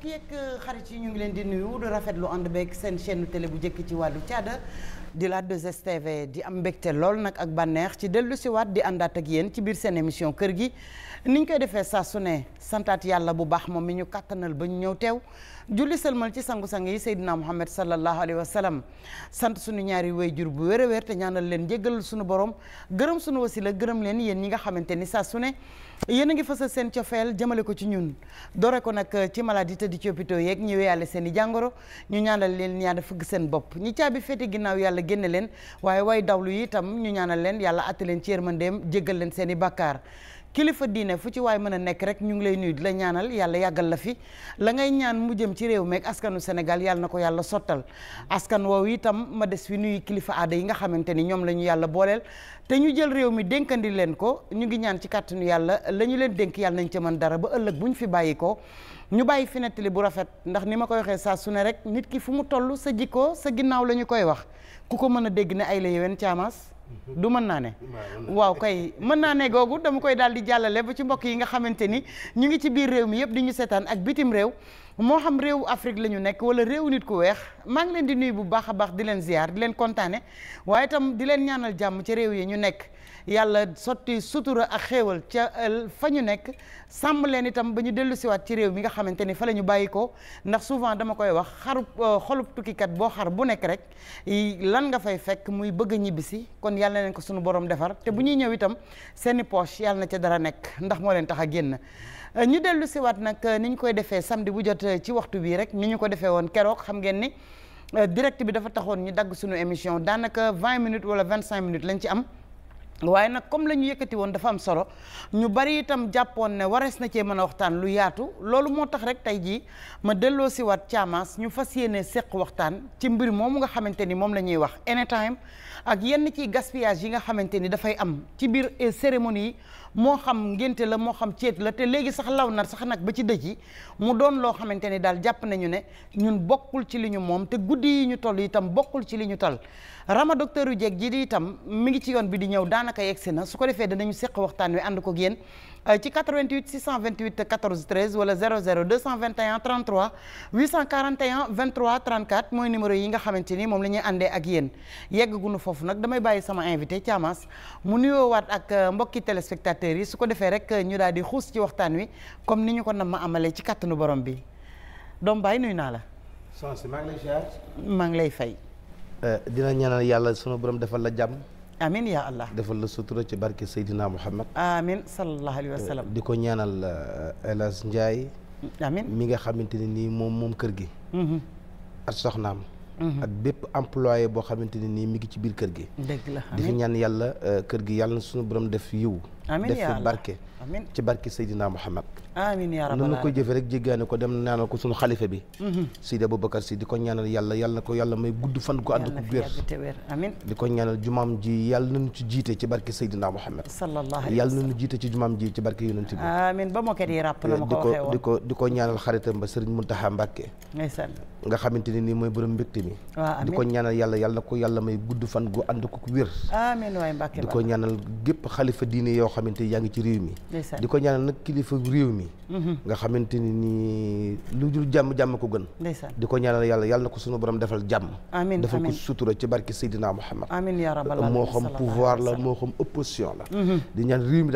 mbokk yeeg euh, xarit yi ñu ngi leen di nuyu di rafetlu ànd beeg seen chaîne télé bu njëkk ci wàllu caada di la 2STV di am mbégte lool nag ak banneex ci dellu siwaat di àndaat ak yéen ci biir seen émission kër gi. niñ koy defee saa su santaat yàlla bu baax moom mi ñu kàttanal ba ñu ñëw teew julli sëlmal ci sangu-sang yi Seydina Muhammad sallallahu alayhi wa sallam sant suñu ñaari wayjur bu wér a wér te ñaanal leen jéggal suñu borom gërëm suñu wasila gërëm leen yéen ñi nga xamante ni saa su ne a ngi fasal seen cofeel jëmale ko ci ñun doore ko nag eh, ci maladie tëddi ci hôpitaux yeeg ñi seen i jàngoro ñu ñaanal leen yàlla fëgg seen bopp ñi caabi féete ginnaaw yàlla génne leen waaye way dawlu yi itam ñu ñaanal leen yàlla atte leen ci yërmandeem jéggal leen seen i bàkkaar kilifa diine fu ci waay mën a nekk rek ñu ngi lay nuyu la ñaanal yàlla yàggal la fi la ngay ñaan mu jëm ci réew meeg askanu Sénégal yàlla na ko yàlla sottal askan woowu itam ma des fi nuyu kilifa aada yi nga xamante ni ñoom la ñu yàlla booleel te ñu jël réew mi dénkandi leen ko ñu ngi ñaan ci kàttanu yàlla la ñu leen dénk yàlla nañ ca mën dara ba ëllëg bu ñu fi bàyyi ko ñu bàyyi fi nettali bu rafet ndax ni ma koy waxee saa su ne rek nit ki fu mu toll sa jikko sa ginnaaw la ñu koy wax ku ko mën a dégg ne ay la yeween caamaas du mën naa ne waaw kay mën naa ne googu dama koy daal di jàllale ba ci mbokk yi nga xamante ni ñu ngi ci biir réew mi yëpp di ñu seetaan ak bitim réew moo xam réewu Afrique la ñu nekk wala réew nit ku weex maa ngi leen di nuyu bu baax a baax di leen ziar di leen kontaane waaye tam di leen ñaanal jàmm ci réew yi ñu nekk yàlla sotti sutura ak xéewal ca euh, fa ñu nekk sàmm leen itam ba ñu dellu siwaat ci réew mi nga xamante ni fa la ñu bàyyi ko ndax souvent dama koy wax xaru euh, xolub tukkikat boo xar bu nekk rek lan nga fay fekk muy bëgg a ñibbisi kon yàlla leen ko sunu borom defar te bu ñuy ñëw itam seeni poche yàlla na ca dara nekk ndax moo leen tax a génn euh, ñu dellu siwaat nag ni ñu koy defee samedi bu jot ci waxtu bii rek ni ñu ko defee woon keroog xam ngeen ni direct bi dafa taxoon ñu dagg suñu émission daanaka vingt minutes wala vingt cinq minutes lañ ci am waaye nag comme la ñu yëkkati woon dafa am solo ñu bari itam jàppoon ne warees na cee mën a waxtaan lu yaatu loolu moo tax rek tey jii ma delloo si waat caamaas ñu fas yéene seq waxtaan ci mbir moomu nga xamante ni moom la ñuy wax anytime ak yenn ci gaspillage yi nga xamante ni dafay am ci biir eh, cérémonie yi moo xam ngénte la moo xam ceet la te léegi sax law na sax nag ba ci dëj yi mu doon loo xamante ni daal jàpp nañu ne ñun bokkul ci li ñu moom te guddi yi ñu toll itam bokkul ci li ñu tal rama docteur yu jeeg ji di itam mu ngi ci yoon bi di ñëw daanaka yegsi na su ko defee danañu seq waxtaan wi ànd ko yéen Euh, ci 88 628 14 13 wala 00 221 33 841 23 34 mooy numéro yi nga xamante ni moom la ñuy àndee ak yéen yeggagunu foofu nag damay bàyyi sama invité Thiamas mu nuyoowaat ak euh, mbokki téléspectateurs yi su ko defee rek euh, ñu daal di xuus ci waxtaan wi comme ni ñu ko nam ma amalee ci kattanu borom bi doom bàyyi nuyu naa la. soxna maa lay ziar. maa ngi lay fay. dina ñaanal yàlla sunu borom defal la jàmm. amin yaa allah defal la sutura ci barke Seydina Muhammad amin sallallahu alayhi eh, di ko ñaanal eh, El Hadj mi nga xamante ni nii moom moom kër gi mm-hmm. ak soxnaam mm-hmm. ak bépp employé boo xamante ne nii mi ngi ci biir kër gi dëgg la di ñaan yàlla eh, kër gi yàlla na suñu borom def yiw def ci barke Seydina Muhammad amiin yaa rabbal aalamiin ko jëfe rek jéggaane ko dem ñaanal ko sunu xalifa bi mhm. Seydi Aboubacar Sy di ko ñaanal yàlla yàlla ko yàlla may gudd fan ko ànd ko wér amiin di ko ñaanal jumaam ji yàlla nañu ci jiite ci barke Seydina Muhammad sallallahu alayhi yàlla nañu jiite ci jumaam ji ci barke yonent bi amiin ba ma ko di ràpp na ma ko waxee woon di ko di ko ñaanal xaritam ba Serigne Mountakha Mbacké ndeysaan ko ñaanal yàlla yàlla di ko ñaanal gépp xalifa diine yoo xamante yaa ngi ci réew mi di ko ñaanal nag kilifa réew mi Mm-hmm. nga xamante ni nii lu jur jàmm jàmm ko gën. di ko ñaanal yàlla yàlla na ko sunu borom defal jàmm. amiin defal ko sutura ci barke Seydina Muhammad. amiin yaa rabbal aalamiin moo xam pouvoir la moo xam opposition la. Mm-hmm.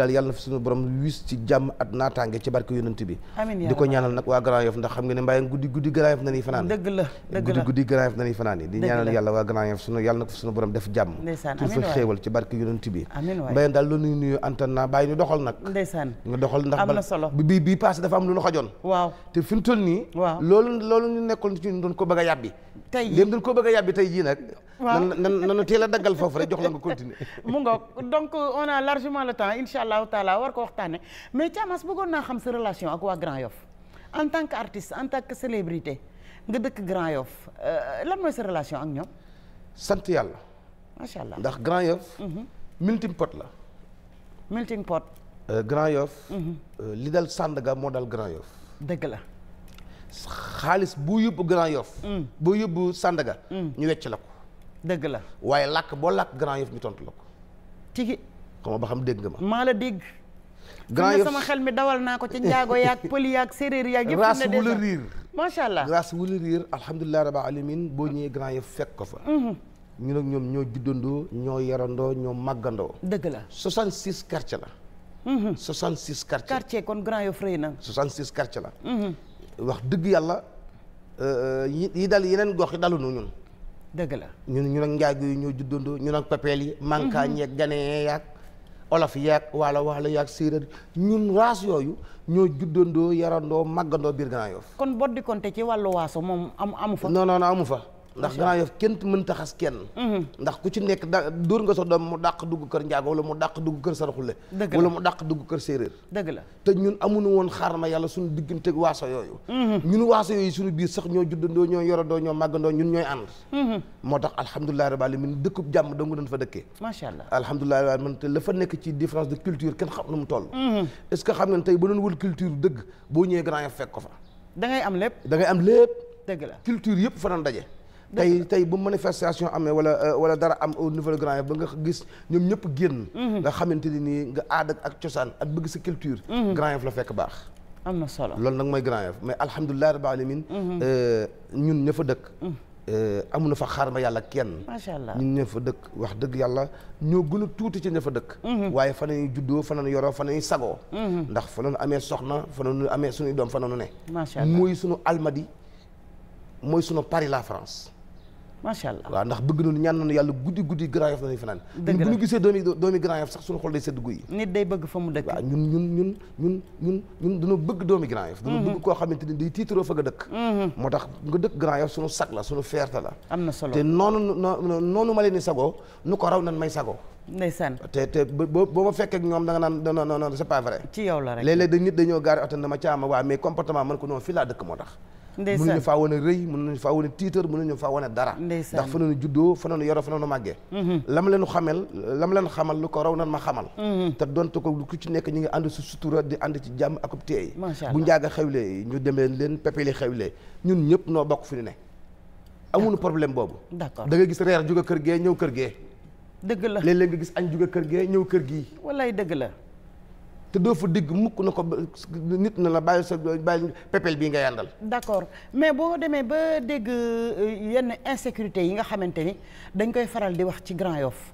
di fa xéewal ci barke yonent bi. amiin daal loolu nuyu antenne naa bàyyi ñu doxal nag. ndeysaan doxal ndax bii bii passé dafa am lu ñu xojoon waaw te fi mu toll nii waaw loolu loolu ñu nekkoon ci ñu doon ko bëgg a yàbbi tey léegi doon ko bëgg a yàbbi tey jii nag nan nanu teel a daggal foofu rek jox la nga continuer mu ngoog donc on a largement le temps incha allahu taala war ko waxtaane mais Thiamas bëggoon naa xam sa relation ak waa Grand Yoff en tant que artiste en tant que célébrité nga dëkk Grand Yoff euh, lan mooy sa relation ak ñoom sant yàlla ndax Grand mhm. la melting pot Euh, Grand Yoff mhm. euh, li dal Sandaga moo dal Grand Yoff dëgg la xaalis bu yóbbu Grand Yoff mm. boo yóbbu Sandaga mm. ñu wecc la ko dëgg la waaye làkk boo làkk Grand Yoff ñu tontu la ko tigi xam ba xam dégg nga ma maa la dégg Grand Yoff sama xel mi dawal naa ko ci njaago yaag pël yaag séeréer yaag yëpp raas la riir macha allah raas wu la riir alhamdulilah rabbil alamin boo ñëwee Grand Yoff fekk ko fa mhm. ñu nag ñoom ñoo juddandoo ñoo yarandoo ñoo màggandoo dëgg la 66 quartier la 66 mm-hmm. quartiers quartier kon Grand Yoff rëy na. 66 quartiers la. Mm-hmm. wax dëgg yàlla euh, yi dal yeneen gox yi dalunu ñun. dëgg la ñun ñu ak njaago yi ñoo juddandoo ñun ak pepeel yi. mankaañ mm-hmm. yeeg ganee yaag olof yaag waala waala yaag séeréer ñun raas yooyu ñoo juddandoo yarandoo màggandoo biir Grand Yoff. kon boo di ci wàllu waaso moom am amu fa. non non amu fa. ndax Grand Yoff kenn mën ta xas kenn mhm. ndax ku ci nekk da dóor nga sa doom mu dàq dugg kër njaago wala mu dàq dugg kër saraxule wala mu dàq dugg kër séeréer dëgg la te ñun amuñu woon xaar ma yàlla suñu diggante waaso yooyu mhm. ñun waaso yooyu suñu biir sax ñoo juddandoo ñoo yorandoo ñoo màggandoo ñun ñooy ànd mhm. moo tax alhamdulilahi rabbil alamin dëkkub jàmm dongu dañ fa dëkkee macha allah alhamdulilahi rabbil te la fa nekk ci différence de culture kenn xam na mu toll est ce xam ngeen tey ba doon wul culture dëgg boo ñëwee Grand fekk ko fa da am lépp da am lépp dëgg culture yëpp fa doon daje tey tey bu manifestation amee wala euh, wala dara am au Grand Yoff ba nga gis ñoom ñëpp génn mhm. nga xamante ni nii nga aada ak cosaan ak bëgg sa culture mhm. Grand Yoff la fekk baax am na solo loolu nag mooy Grand Yoff mais alhamdulilah rabbil alamin mhm. euh, ñun ña a dëkk na euh, fa xaar ma yàlla kenn macha allah ñun ña fa dëkk wax dëgg yàlla ñoo gën tuuti ci ña a dëkk waaye fa nañu juddoo fa nañu yoroo fa nañu sagoo ndax fa nañu amee soxna fa nañu amee suñuy doom fa nañu la macha allah waaw ndax bëgg nañu ñaan nañu yàlla guddi guddi Grand Yoff nañu fanaan bu ñu gisee doomi doomi Grand Yoff sax suñu xol day sedd guy nit bëgg fa dañoo bëgg doomi mhm. koo xamante ni day tiitaroo fa nga dëkk mhm. moo tax nga la am na solo te noonu noonu ma leen di ko nan may sagoo ndeysaan te te boo ma fekkee ak ñoom da nga naan caama waa mais comportement man ko noonu fii laa dëkk moo tax mën nañu faa wane rëy mën nañu faa wane tiitar mën nañu faa wane dara ndax fa noonu juddoo fa noonu yoroo fa noonu màggee mhm. lam leen xamel lam leen xamal lu ko raw nan ma xamal mhm. te donte ko ku ci nekk ñu ngi ànd su sutura di ànd ci jàmm ak ub teey bu njaaga xewlee ñu demee leen pépéli xewlee ñun ñëpp noo bokk fi ne amuñu problème boobu d'accord da nga gis reer jóge kër gee ñëw kër gee dëgg la léeg-léeg nga gis añ jóge kër gee ñëw kër gii wallaay dëgg la te doo fa dégg mukk na ko nit na la bàyyi sa bàyyi pepel bii nga yàndal d'accord mais boo demee ba dégg euh, yenn insécurité yi nga xamante ni dañ koy faral di wax ci Grand Yoff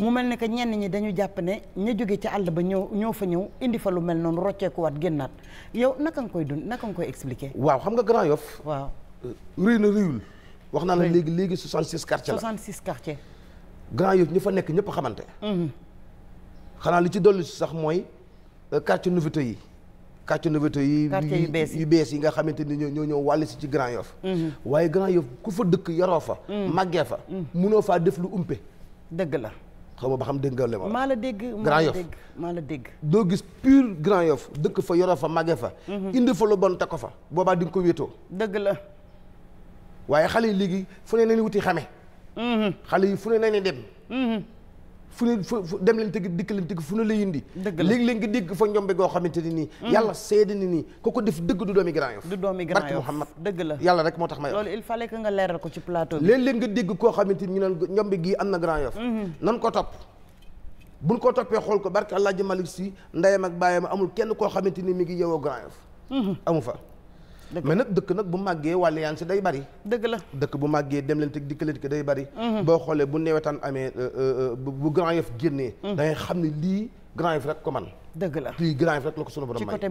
mu mel ne que ñenn ñi dañu jàpp ne ña jóge ci àll ba ñëw ñëw fa ñëw indi fa lu mel noonu rocceekuwaat génnaat yow naka nga koy dund naka nga koy expliquer waaw xam nga Grand Yoff waaw euh, rëy na rëyul wax naa la léegi léegi 66 quartiers la 66 quartiers Grand Yoff ñu fa nekk ñëpp xamante mhm. xanaa li ci dolli si sax mooy Euh, quartier nouveauté yi quartier nouveauté yi yu bees yi nga xamante ni ñoo ñoo ñoo wàll si ci Grand Yoff mhm. waaye Grand Yoff ku fa dëkk yaroo fa mhm. màggee fa mhm. munoo faa def lu umpe dëgg la xaw ma ba xam dégg nga li ma maa la dégg Grand Yoff maa la dégg doo gis pur Grand Yoff dëkk fa yoroo fa màggee fa indi fa lu bon te ko fa boobaa di ko wéetoo dëgg la waaye xale yi léegi fu ne nañu wuti xame xale yi fu ne nañu dem fu ne fu dem leen tëgg dikk leen tëgg fu ne la yindi léegi-léegi nga dégg fa njombe goo xamante ni nii mm. yàlla seede ni nii ku ko def dëgg du doomi Grand Yoff du doomi xam Yoff Muhammad dëgg la yàlla rek moo tax may loolu il fallait que nga leeral ko ci plateau bi léeg-léeg nga dégg koo xamante ni ñu naan njombe gii am na Grand Yoff mm-hmm. nan ko topp buñ ko toppee xool ko barke Alaaji Malick Si ndeyam ak baayam amul kenn koo xamante ni mi ngi yeewoo Grand Yoff mm-hmm. amu fa mais nag dëkk nag bu màggee wàlliyaan si day bari dëgg la dëkk bu màggee dem leen teg dikkaleen ki day bari mhm. boo xoolee bu newetaan amee euh, euh, euh, bu Grand Yoff génnee mhm. da ngay xam ne lii Grand Yoff rek ko man la lii Grand Yoff rek la ko sunu borom may ci côté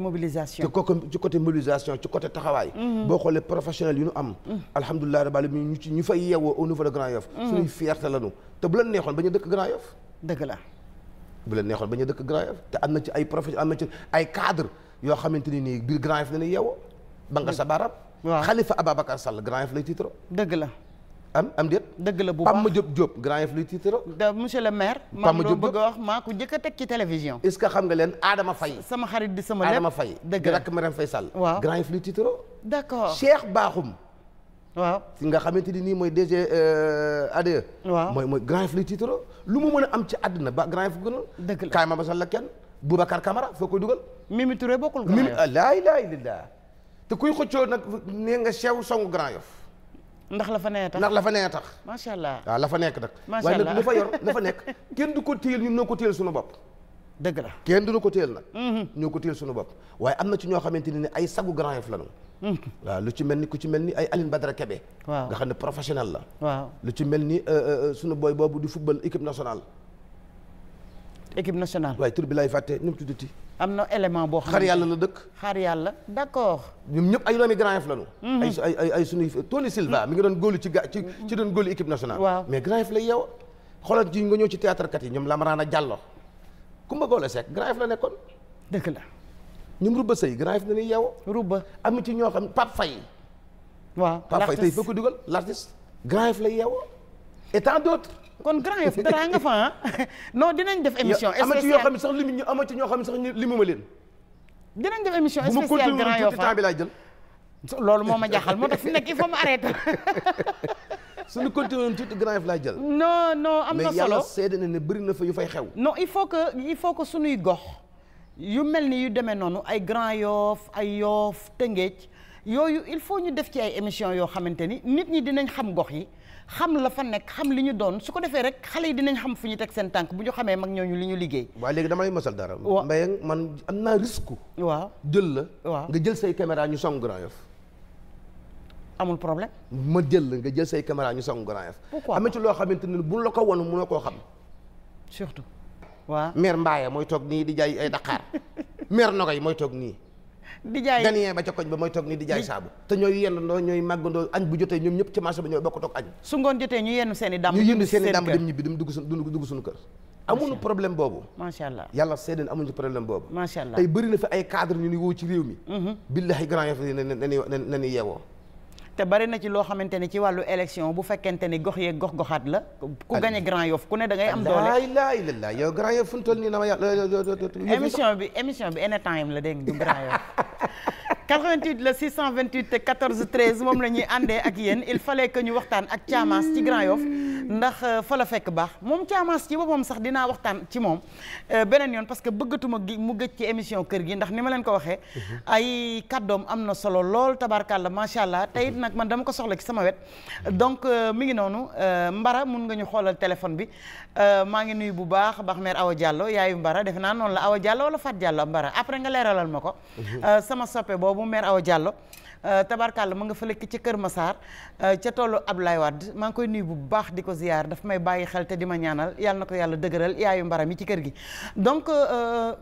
mobilisation ci kooku côté taxawaay mhm. boo xoolee professionnel yu nu am alhamdulilah rabbil alamin ñu ci ñu fay yeewoo au niveau de Grand Yoff suñuy fierté lañu te bu leen neexoon ba ñu dëkk Grand Yoff dëgg la bu la neexoon ba ñu dëkk Grand Yoff te am na ci ay professionnel am na ci ay cadre yoo xamante ni nii biir Grand Yoff na ne ba nga sa baaraam. waaw Khalifa Ababacar Sall Grand Yoff lay tiitaroo. dëgg la. am am déet. dëgg la bu baax ma Diop Diop Grand Yoff lay tiitaroo. da monsieur le maire. Pam Diop Diop wax maa ko jëkk ci télévision. est ce que xam nga leen Adama Faye. sama xarit di sama lépp Adama Faye. dëgg la di rakk Marème Faye Sall. waaw Grand Yoff lay tiitaroo. d' accord Cheikh Bakhoum. waaw nga xamante ni nii mooy DG euh, ADE. mooy mooy Grand Yoff lay lu mu mën a am ci àddina ba Grand Yoff gënal. dëgg la Kaay ma basal la kenn Boubacar Camara foo koy dugal. Mimi Touré bokkul Grand Yoff. Mimi ah, laa ilaaha te kuy xëccoo nag nee nga sew songu Grand Yoff ndax la fa nee tax ndax la fa nee tax macha allah waaw la fa nekk nag waaye nag la fa yor la fa nekk kenn du ko téyel ñun noo ko téyel suñu bopp dëgg la kenn duñu ko téyel nag mhm. ko téyel suñu bopp waaye am na ci ñoo xamante ne ay sagu Grand Yoff lañu mhm. waaw lu ci mel ni ku ci mel ni ay Aline Badara Kebe waaw nga xam ne professionnel la waaw lu ci mel ni euh, euh, euh, suñu booy boobu di football équipe nationale équipe nationale waaye bi lay fàtte nu mu tuddati am na élément boo xam ne xaar yàlla la dëkk xaar yàlla d'accord ñoom ñëpp ay doomi Grand Yoff lañu mhm. ay ay ay ay suñuy Tony Silva mi ngi doon góolu ci ga ci ci doon góolu équipe nationale waaw mais Grand Yoff la yow xoolal ci nga ñëw ci théâtre kat yi ñoom a Diallo Kumba Gawlo Seck Grand Yoff la nekkoon dëgg la ñoom Rouba Seye Grand Yoff la ñuy yow Rouba am ci ñoo xam Pape Faye waaw Pape Faye tey foo ko dugal la yow kon grand yof dara nga fa ah. non dinañ def émission. spéciale yoo xam ne sax li ñu amati ñoo xam ne sax li mu ma leen. dinañ def émission spéciale grand yof laa ma continué jël. loolu moo ma jaaxal moo tax fi mu nekk il faut ma arrêté. suñu continué woon tuuti jël. non non am na solo mais na ne bëri na fa yu fay xew. non il faut que il faut que suñuy gox. yu mel ni yu demee noonu ay grand yoof ay yoof tëngéej yooyu il faut ñu def ci ay émission yoo xamante ni nit ñi dinañ xam gox yi. xam la fa nekk xam li ñu doon su ko defee rek xale yi dinañ xam fu ñu teg seen tànk bu ñu xamee mag ñu li ñu liggéey waaw léegi dama lay masal dara Mbayang man am naa risque waaw jël la waaw nga jël say caméra ñu song Grand Yoff amul problème ma jël la nga jël say caméra ñu song Grand Yoff pourquoi amee ci loo xamante ne bu la ko won mënoo koo xam surtout waaw mair Mbaye mooy toog nii di jaay ay Dakar maire yi mooy toog nii di ganiyee ba ca koñ ba mooy toog ni di saabu te ñooy yendandoo ñooy màggandoo añ bu jotee ñoom ñëpp ci marché ba ñooy bokk toog añ su ngoon jotee ñu yenn seen dàmb ñu yenn seen dàmb dem ñibbi dem dugg dugg suñu kër amuñu problème boobu macha allah yàlla amuñu problème boobu macha bëri na fi ay cadre ñu ni woo ci réew mi mm-hmm. billahi grand yof ne ne ne ne yeewoo te bari na ci loo xamante ni ci wàllu élection bu fekkente ni gox yee gox goxaat la ku gañe Grand Yoff ku ne da ngay am doole laa ilaaha illallaah yow Grand Yoff fu mu toll nii na ma yàlla émission bi émission bi en time la dégg nga du Grand Yoff 88 la 628 14 13 moom la ñuy àndee ak yéen il fa que ñu waxtaan ak Thiamas ci Grand Yoff ndax euh, fa la fekk baax moom Thiamas ci boppam sax dinaa waxtaan ci moom euh, beneen yoon parce que bëggatuma gi mu gëj ci émission kër gi ndax ni ma leen ko waxee mhm. ay kàddoom am na solo lool tabarkàlla macha allah te nag man dama ko soxla ci sama wet mhm. donc euh, mi ngi noonu Mbara mun nga ñu xoolal téléphone bi maa ngi nuy bu baax baax mère Awa Diallo yaayu Mbara defe naa noonu la Awa Diallo wala Fat Diallo après nga leeralal ma ko mhm. sama soppe boobu maire Awa Diallo euh, tabarkàlla ma nga fa lekk ci Kër Massar euh, ca tollu Ablaye Wade maa ngi koy nuyu bu baax di ko ziyaar daf may bàyyi xel te di ma ñaanal yàlla na ko yàlla dëgëral yaayu mbaram yi ci kër gi donc euh,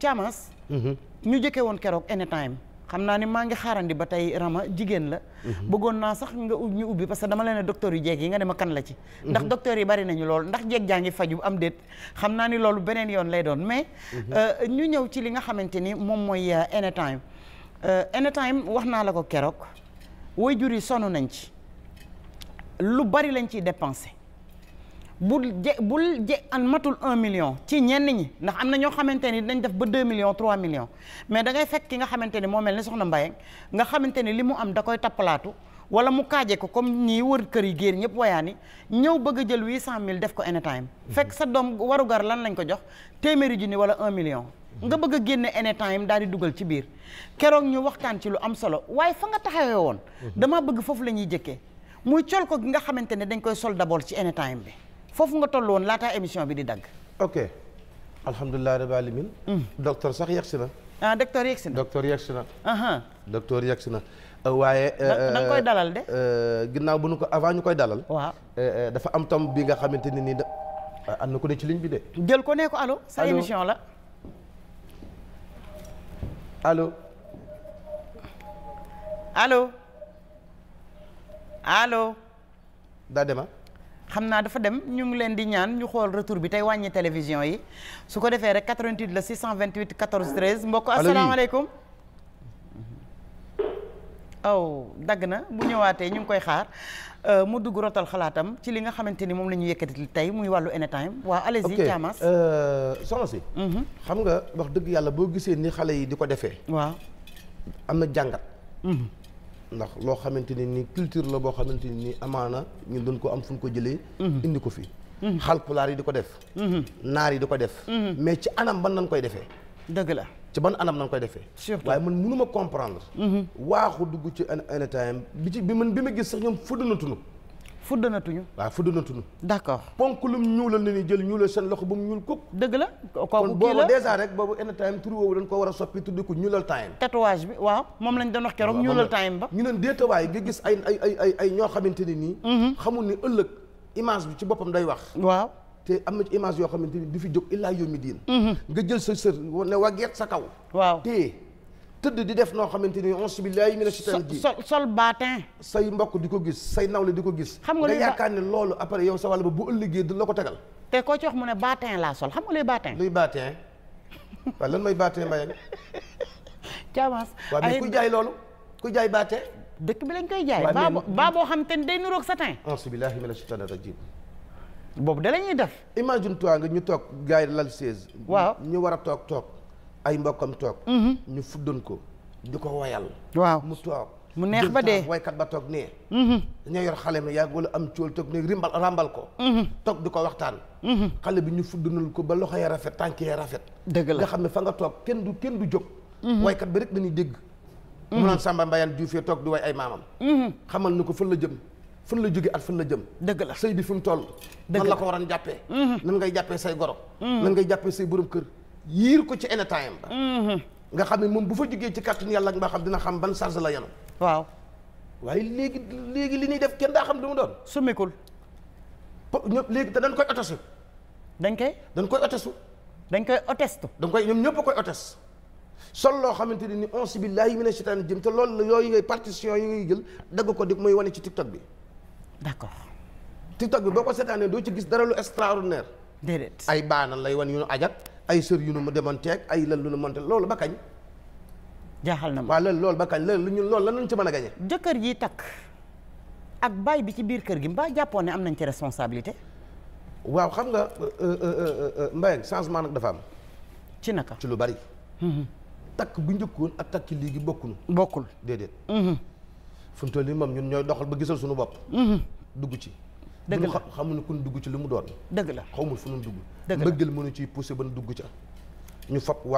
Thiamas mhm. ñu jëkkee woon keroog anytime xam naa ni maa ngi xaarandi ba tey Rama jigéen la mhm. bëggoon naa sax nga ñu ubbi parce que dama leen ne docteur yu jeeg yi nga ne ma kan la ci mhm. ndax docteur yi bari nañu lool ndax jeeg jaa ngi faju am déet xam naa ni loolu beneen yoon lay doon mais ñu ñëw ci li nga xamante ni moom mooy anytime Euh, anytime wax naa la ko keroog waajur yi sonn nañ ci lu bari lañ ciy dépensé bul je bul je an matul un million ci ñenn ñi ndax am na ñoo xamante ni dañ def ba deux million trois million mais dangay fekk ki nga xamante ni moo mel ni soxna Mbaye nga xamante ni li mu am da koy tappalaatu wala mu kaaje ko comme ñii wër kër yi géer ñëpp wayaani ñëw bëgg a jël huit cent mille def ko anytime fekk sa doom warugar lan lañ ko jox téeméeri junni wala un million nga bëgg a génne any time daal di dugal ci biir keroog ñu waxtaan ci lu am solo waaye fa nga taxawee woon mhm. dama bëgg foofu la ñuy jëkkee muy col ko gi nga xamante ne dañ koy sol d'abord ci any time bi foofu nga toll woon laataa émission bi di dagg ok alhamdulilah rabbi alamin mm. docteur sax yegsi na ah docteur yegsi na docteur yegsi na docteur yegsi na euh, waaye da nga euh, koy dalal de euh, ginnaaw bu nu ko avant ñu koy dalal waaw dafa am tam bi nga xamante ne nii da ah, am na ko ne ci ligne bi de jël ko ne ko allo sa émission la allo allo allo. daa dem ah? xam naa dafa dem ñu ngi leen di ñaan ñu xool retour bi tey wàññi télévision yi su ko defee rek 88 la 628 14 13 mbokk asalaamaaleykum. aw oh, dagg na bu ñëwaatee ñu ngi koy xaar. Euh, mu dugg rotal xalaatam ci li nga xamante ni moom la ñu yëkkati tey muy wàllu anytime waaw allez-y Thiamas euh, soxna si mhm. xam nga wax dëgg yàlla boo gisee ni xale yi di ko defee waaw am na jàngat mhm. ndax loo xamante ni ni culture la boo xamante ni ni amaana ñu doon ko am fu ñu ko jëlee mhm. indi ko fi xalpulaar yi di ko def naar yi di ko def mais ci anam ban lañ koy defee dëgg la ci ban anam nañ koy defee. surtout waaye man mënu ma comprendre. Mhm. waaxu dugg ci en état bi ci bi man bi ma gis sax ñoom fuddanatuñu. fuddanatuñu. waaw fuddanatuñu. d'accord ponk lum ñuulal na ni jël ñuulal seen loxo ba mu ñuul kuk. dëgg la kooku kii la kon déjà rek boobu en time tur woowu dañ ko war a soppi tudd ko ñuulal time. tatouage bi waaw moom lañ doon wax keroog ñuulal time ba. ñu ne déetawaay nga gis ay ay ay ay ñoo xamante ne nii. Mhm. xamul ni ëllëg image bi ci boppam day wax. waaw. te am na ci image yoo xamante ni du fi jóg illaa yawmi diin mhm. nga jël sa sër ne waggeet sa kaw waaw téye tëdd di def noo xamante ni onze billahi mina shaytaan ji sol sol baatin say mbokk di ko gis say nawle di ko gis xam nga yaakaar ne loolu sa wàll ba bu ëllëgee ko tegal te koo ci wax xam nga luy baatin luy baatin waaw lan mooy baatin mbayag jaamaas waaw mais ku jaay loolu ku jaay baatin dëkk koy jaay baa boo xam te day nuroog satin onze boobu da la ñuy def. imagine toi nga ñu toog gars yi lal chaise. waaw ñu war a toog toog ay mbokkam toog. Mm-hmm. ñu fuddoon ko di ko woyal. waaw mu toog. mu neex ba dee waykat ba toog nee. Mm-hmm. ña yor xale mi yàgg wala am cóol toog nee rimbal ràmbal ko. Mm-hmm. toog di ko waxtaan. xale bi ñu fuddunul ko ba loxo ya rafet tànk ya rafet. dëgg la nga xam ne fa nga toog kenn du kenn du jóg. waykat bi rek dañuy dégg. mu naan Samba Mbayaan Diouf toog di way ay maamam. xamal ni ko fan la jëm. fan la jóge at fan la jëm dëgg la sëy bi fi mu toll nan la ko waroon jàppee mm-hmm. nan ngay jàppee say goro mm-hmm. nan ngay jàppee say borom kër yiir ko ci enetaayam ba mm-hmm. nga xam ne moom bu fa jógee ci kàttanu yàlla ak nga xam dina xam ban charge la yenu waaw waaye léegi léegi li ñuy def kenn daa xam lu mu doon summikul ñë léegi te dañ koy otesu dañ koy dañ koy otesu dañ koy otestu dañ koy ñoom ñëpp a koy otes sol loo xamante ni ni onsi billahi mina shaytaani jëm te loolu la yooyu ngay partition yi jël dagg ko di mooy wane ci tiktok bi d'accord TikTok bi boo ko seetaanee doo ci gis dara lu extraordinaire. déedéet ay baana lay wan yu nu ajak ay sër yu nu mu demanteeg ay lan lu nu monte loolu ba kañ. jaaxal na ma waaw loolu ba kañ loolu ñun loolu lan lañ ci mën a gañe. jëkkër yi takk ak baay bi ci biir kër gi mbaa jàppoon ne am nañ ci responsabilité. waaw xam nga euh, euh, euh, Mbaye changement nag dafa am. ci naka ci lu bari. Mhm. takk bu njëkkoon ak takk léegi bokkul. bokkul déedéet. Mhm. fu mu toll nii moom ñun ñooy doxal ba gisal suñu bopp. Mhm. dugg ci. dëgg la xamuñu kun dugg ci li mu doon. dëgg la xawma fu nu dugg. dëgg la mbëggeel mënu ciy ba nu dugg ca.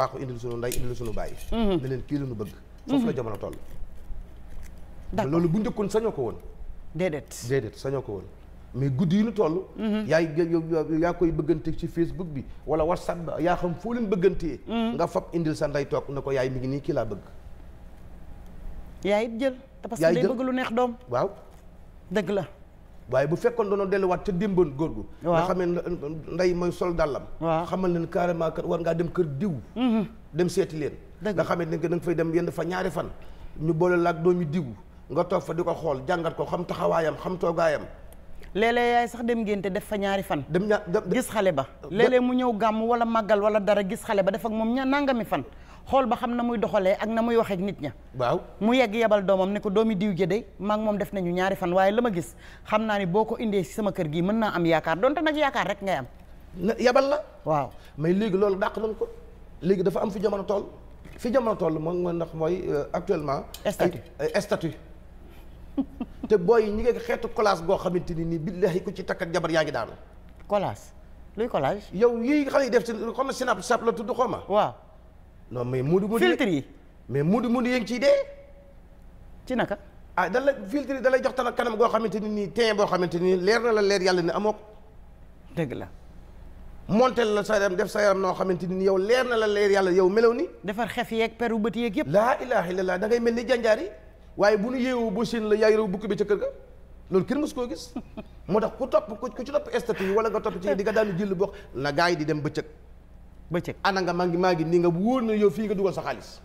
ko indil suñu ndey indil suñu bàyyi. Mhm. ne leen kii la ñu bëgg. foofu la mhm. jamono toll. d'accord loolu bu njëkkoon ko woon. déedéet déedéet sañoo ko woon. mais guddi yi ñu toll. yaay yaa koy bëggante ci Facebook bi wala WhatsApp ba yaa xam foo leen bëggantee. nga fab indil sa ndey toog na ko yaay mi ngi nii kii laa bëgg. yaa it jël te parce que day bëgg lu neex doom waaw dëgg la waaye bu fekkoon doonoo delluwaat ca démban góor gu nga xam ne ndey mooy sol dàllam waaw xamal ne carrément kër war ngaa dem kër diw mhm. dem seeti leen nga xam ne da nga fay dem yenn fa ñaari fan ñu boole laak doomi diw nga toog fa di ko xool jàngat ko xam taxawaayam xam toogaayam léeg yaay sax dem ngénte def fa ñaari fan dem ña gis xale ba léeg mu ñëw gàmm wala màggal wala dara gis xale ba def ak moom ña nangami fan xool ba xam na muy doxalee ak na muy waxee ak nit ña waaw mu yegg yebal doomam ne ko doomi diw jëdey maa ngi moom def nañu ñaari fan waaye la ma gis xam naa ni boo ko indee si sama kër gii mën naa am yaakaar donte nag yaakaar rek ngay am yebal la waaw mais léegi loolu dàq nañ ko léegi dafa am fi jamono toll fi jamono toll moom mooy ndax mooy euh, actuellement statut statut te booy ñi ngi xeetu collage goo xamante ni nii billahi ku ci takkat jabar yaa ngi daanu collage luy yow yii def ci xaw ma synapse ma waaw non mais muudu muudu filtre yi mais muudu muudu yéen ciy dee. ci naka. ah da la filtre yi da lay jox tana kanam goo xamante ni nii teint boo xamante ni leer na la leer yàlla ni amoo ko. dëgg la. montel la sa yaram def sa yaram noo xamante ni yow leer na la leer yàlla yow melaw ni. defar xef yeeg peru bët yeeg yëpp. laa ilaaha illallaah da ngay mel ni janjaar yi waaye bu nu yeewoo ba Chine la yaay rew bukki bi ca kër ga. loolu kenn mës koo gis moo tax ku topp ku ci topp estati yi wala nga topp ci di nga daanu jël bokk na gars yi di dem bëccëg bëccëg ana nga maa ngi maa ngi nii nga wóor na yow fii nga dugal sa xaalis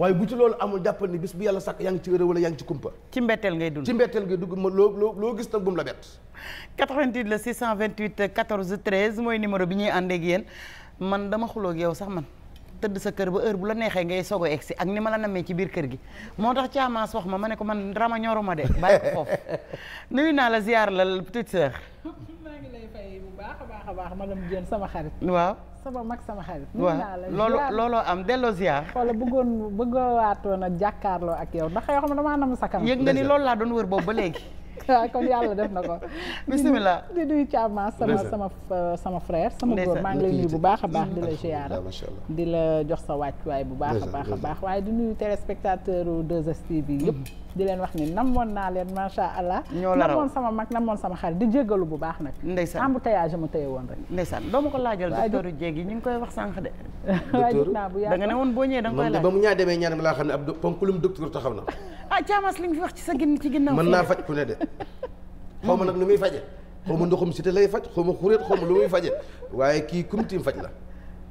waaye bu ci loolu amul jàppal ni bis bu yàlla sàkk yaa ngi ci réew wala yaa ngi ci kumpa ci mbetteel ngay dund ci mbetteel ngay dugg ma loo la gis nag bu mu la bett 88 la 628 14 13 mooy numéro bi ñuy ànd ak man dama xuloog yow sax man tëdd sa kër ba heure bu la neexee ngay sogo egsi ak ni ma la namee ci biir kër gi moo tax caamaas wax ma ma ne ko man rama ñoruma de bàyyi ko foofu nuyu naa la ziar la petite sœur maa ngi lay a a sama xarit sama mag sama xarit. nuyu naa la loolu looloo am delloo ziar. wala bëggoon bëggowaatoon a jàkkaarloo ak yow ndax yoo xam ne damaa nam sa kanam. yëg nga ni loolu laa doon wër boobu ba léegi. waaw kon yàlla def na ko. bisimilah di nuyu Thiamas sama sama euh, sama frère. sama góor maa ngi lay nuyu bu baax a baax di la ziara di la jox sa wàccuwaay bu baax a baax a baax waaye di nuyu téléspectateur 2STV yëpp. Mm-hmm. di leen wax ni namoon naa leen macha allah. ñoo la raw namoon sama mag namoon sama xarit di jéggalu bu baax nag. ndeysaan embouteillage ma tëye woon rek. ndeysaan doo ma ko laajal. docteur Diegui ñu ngi koy wax sànq de. woon boo ñëwee ñaa demee ñaanam laa ne ab ponkulum docteur taxaw ah, sa gin ci ginnaaw. mën naa faj ku ne de. xaw ma nag lu si te lay faj xaw ma xuréet xaw ma lu muy waaye kii kumtim faj la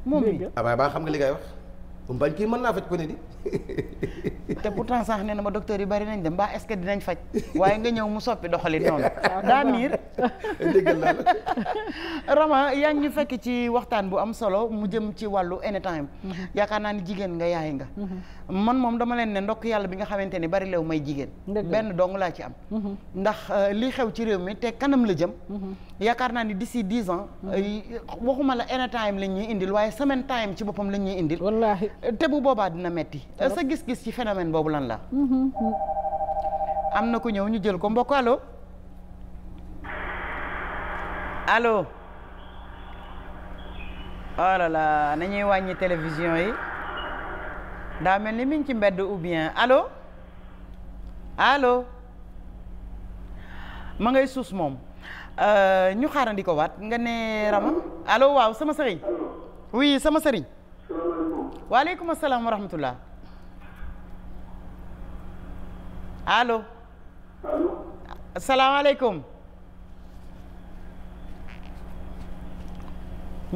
moom mi baa xam nga li ngay wax mbañ kii mën naa faj ko ne di te pourtant sax nee na ma docteur yi bari nañ de mbaa est-ce que dinañ faj waaye nga ñëw mu soppi doxalin noonu ah, daa miir déggal naa fekk ci waxtaan bu am solo mu jëm ci wàllu anytime mhm. yaakaar naa ni jigéen nga yaay nga mhm. man moom dama leen ne ndokk yàlla bi nga xamante ni bari lew may jigéen benn dong laa ci am mhm. ndax euh, li xew ci réew mi te kanam la jëm yaakaar naa ni d'ici dix ans euh, waxuma la anytime lañ ñuy indil waaye semaine time te bu boobaa dina metti sa gis-gis ci phénomène boobu lan la mhm. am na ko ñëw ñu jël ko mbokk allo allo oh là là nañuy wàññi télévision yi daa mel ni mi ci mbedd ou bien alo allo ma ngay suus moom euh, ñu xaarandi ko waat nga ne Rama allo waaw sama sëriñ oui sama sëriñ waaleykum asalaam wa rahmatullah allo asalaamaaleykum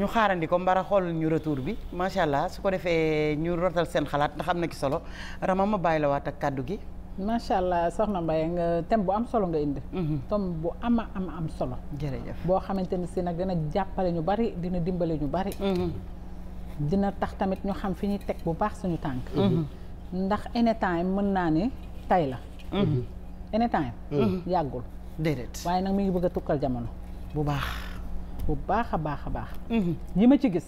ñu xaarandi ko mbara xool ñu retour bi macha allah su ko defee ñu rotal seen xalaat ndax am na ci solo Rama ma bàyyi la waat ak kàddu gi. macha allah soxna mbay nga thème bu am solo nga indi. Mhm. thème bu ama am am solo. jërëjëf boo xamante ni si nag dina jàppale ñu bari dina dimbale ñu bari. Mhm. dina tax tamit ñu xam fi ñuy teg bu baax suñu tànk mhm. ndax anytime mën naa ne tay la mhm. anytime mhm. yàggul déedéet waaye nag mu ngi bëgg a tukkal jamono bu baax bu baax a baax a baax yi ma ci gis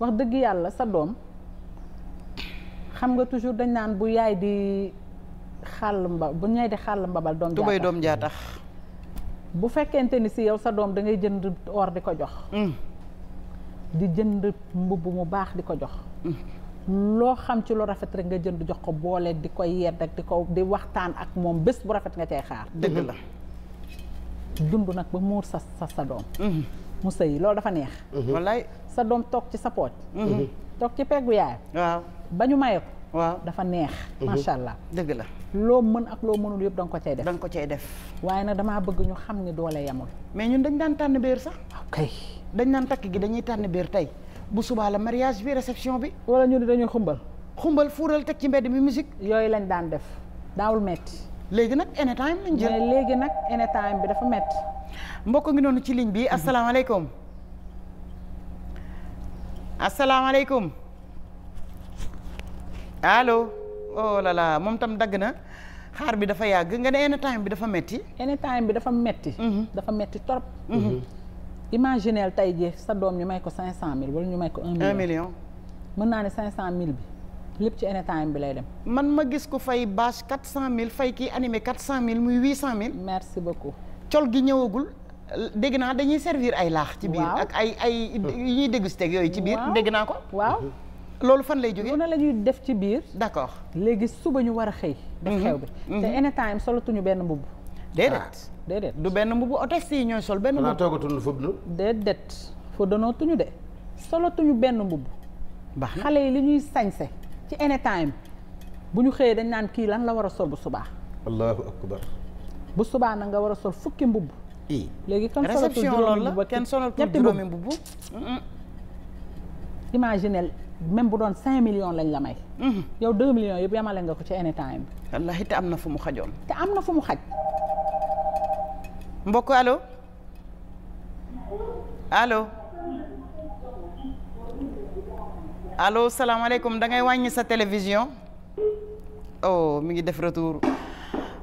wax dëgg yàlla sa doom xam nga toujours dañ naan bu yaay di xàll mba bu ñay xàll mbabal doom tubay doom jaa tax bu fekkente ni si yow sa doom da ngay jënd or di ko jox di jënd mbubb mu baax di ko jox mm-hmm. loo xam ci lu rafet rek nga jënd jox ko boole di koy yedd ak di ko di waxtaan ak moom bés bu rafet nga cay xaar dëgg la dund nag ba muur sa sa sa doom mm-hmm. mu sëy loolu dafa neex mm-hmm. wallaay sa doom toog ci sa pooj toog ci peggu yaayam waaw ba ñu maye waaw dafa neex. Mhm. macha allah dëgg la. loo mën ak loo mënul yëpp da nga ko cay def. da ko cay def. waaye nag damaa bëgg ñu xam ni doole yamul. mais ñun dañ daan tànn béer sax. ok dañ daan takk gi dañuy tànn béer tey bu subaa la mariage bi réception bi. wala ñu ne dañuy xumbal. xumbal fuural teg ci mbedd mi musique. yooyu lañ daan def daawul metti léegi nag anytime lañ jël léegi nag anytime bi dafa metti mbokk ngi noonu ci ligne bi asalaamaaleykum asalaamaaleykum. allo oh là moom tam dagg na xaar bi dafa yàgg nga ne any bi dafa metti any bi dafa metti mhm. dafa metti torop mhm. imagineel tey ji sa doom ñu may ko cinq cent mille wala ñu may ko million un mën naa ne cinq mille bi lépp ci any bi lay dem man ma gis ko fay bâche quatre cent mille fay kii animé quatre cent mille muy huit cent mille merci beaucoup col gi ñëwagul dégg naa dañuy servir ay laax ci biir ak ay ay hmm. yi ñuy déguster yooyu ci biir dégg naa ko waaw mhm. loolu fan lay jógee. mën la ñuy def ci biir. d'accord léegi suba ñu war a xëy. def mhm. xew bi mhm. te anytime solatuñu benn mbubb. déedéet ah, déedéet du benn mbubb hôtesse yi ñooy sol benn. mbubb xanaa toogatul fuddu. déedéet fuddunootuñu de solatuñu benn mbubb. ba xale yi li ñuy sañse ci anytime bu ñu xëyee dañ naan kii lan la war a sol bu subaa. allahu akbar. bu subaa nag nga war a sol fukki mbubb. léegi kan solatul juróomi mbubb réception loolu la kenn solatul juróomi mbubb. imaginel même bu doon million lañ la may. Mhm. yow deux million yëpp yamale nga ko ci anytime bi. te am na fu mu xajoon. te am na fu mu xaj. mbokk allo allo allo salaamaaleykum da ngay wàññi sa télévision. oh mi ngi def retour.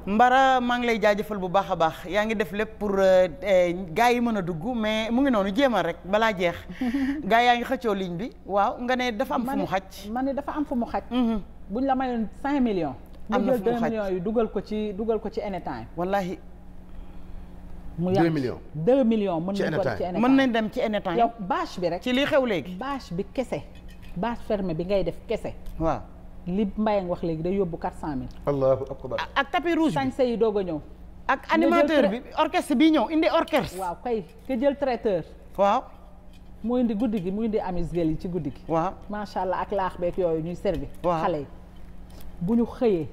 Mbara maa ngi lay jaajëfal bu baax a baax yaa ngi def lépp pour euh, euh, gars yi mën a dugg mais mu ngi noonu jéemal rek balaa jeex gars yaa ngi xëccoo ligne bi waaw nga ne dafa am fu mu xaj man ne dafa am fu mu xaj mhm. ñu la mayoon cinq millions am na fu mu yi dugal ko ci dugal ko ci anytime wallahi mu yàq 2 millions 2 millions mën nañ ko ci anytime mën nañ dem ci anytime yow bâche bi rek ci lii xew léegi bâche bi kese bâche fermée bi ngay def kese waaw li Mbaye wax léegi day yóbbu 400000. allahu akbar ak tapis rouge bi sañse yi doog a ñëw. ak animateur bi orchestre bi ñëw indi orchestre. waaw kay ka jël traiteur. waaw. moo indi guddi gi mu indi amuse-gueule yi ci guddi gi. waaw macha allah ak laax beeg yooyu ñuy servi. waaw xale yi bu ñu xëyee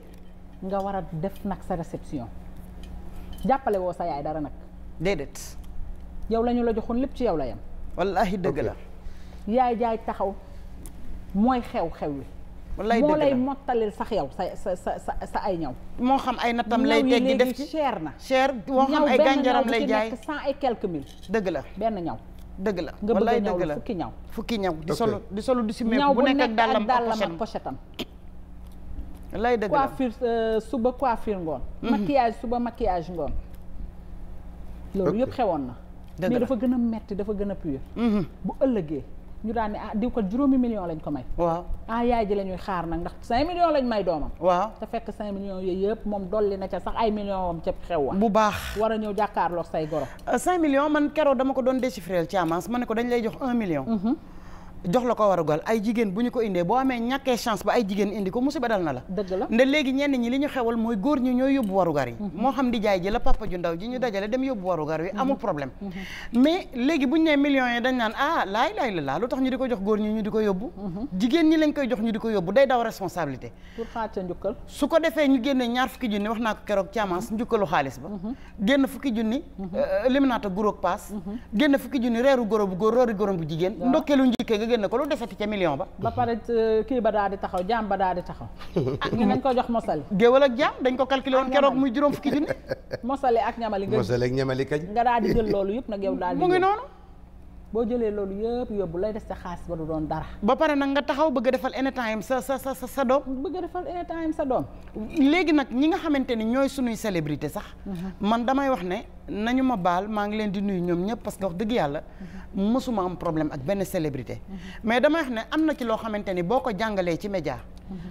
nga war a def nag sa réception jàppale woo sa yaay dara nag. déedéet. yow lañu la joxoon lépp ci yow la yem. wallaahi dëgg la. yaay jaay taxaw mooy xew xew wi. moo lay mottalil sax yow sa sa sa sa ay ñaw moo xam ay nattam lay teg di def ci cher na cher moo xam ay gànjaram lay jaay cent et quelques mille dëgg la benn ñaw dëgg la nga bëgg ñaw la fukki ñaw fukki ñaw di solo di solo du si meeku bu nekk ak dàllam ak pochetam lay dëgg la coiffure euh, suba coiffure ngoon mhm. maquillage suba maquillage ngoon loolu yëpp xewoon na mais dafa gën a metti dafa gën a pur mhm. bu ëllëgee ñu daan ne ah diw ko juróomi million lañ ko may. waaw ah yaay ji la ñuy xaar nag ndax 5 millions lañ may doomam. waaw te fekk 5 millions yooyu yëpp moom dolli na ca sax ay million wam ca xew wa. bu baax war a ñëw jàkkaarloog say goro. 5 euh, million man keroog dama ko doon déchiffrer Thiamance ma ne ko dañ lay jox 1 million. Mm-hmm. jox la ko warugal ay jigéen bu ñu ko indee boo amee ñàkkee chance ba ay jigéen indi ko musiba dal na la dëgg nda léegi ñenn ñi li ñu xewal mooy góor ñi ñooy yóbbu warugar yi mhm. moo xam di jaay ji la papa ju ndaw ji ñu mhm. dajale dem yóbbu warugar yi amul mhm. problème mais léegi bu ñu nee millions yi dañ naan ah laay laay la laa lu tax ñu di ko jox góor ñi ñu di ko yóbbu jigéen ñi lañ koy jox ñu di ko yóbbu day daw responsabilité pour xaar ca njukkal su ko defee ñu génnee ñaar fukki junni wax naa ko keroog caamaas njukkalu xaalis ba génn fukki junni euh, liminaata guróog paas génn fukki junni reeru góor bu góor reeru góor bu jigéen ndokkeelu njikkee gën na ko lu desati ca million ba. ba pare euh, kii ba daal di taxaw jaam ba daal di taxaw. ñu ko jox mosali. géwal ak jaam dañ ko calculé keroog muy juróom fukki junni. mosali ak ñamali nga mosali ak ñamali kañ. nga daal di jël loolu yëpp nag yow daal di. mu ngi noonu. boo jëlee loolu yëpp yóbbu lay des sa xaalis ba du doon dara. ba pare nag nga taxaw bëgg a defal anytime sa sa sa sa doom. bëgg a defal anytime sa doom. léegi nag ñi nga xamante ni ñooy sunuy célébrité sax. Mhm. man damay wax ne nañu ma baal maa ngi leen di nuyu ñoom ñëpp parce que wax dëgg yàlla. Mhm. mësuma am problème ak benn célébrité. Mhm. mais damay wax ne am na ci loo xamante ni boo ko jàngalee ci média.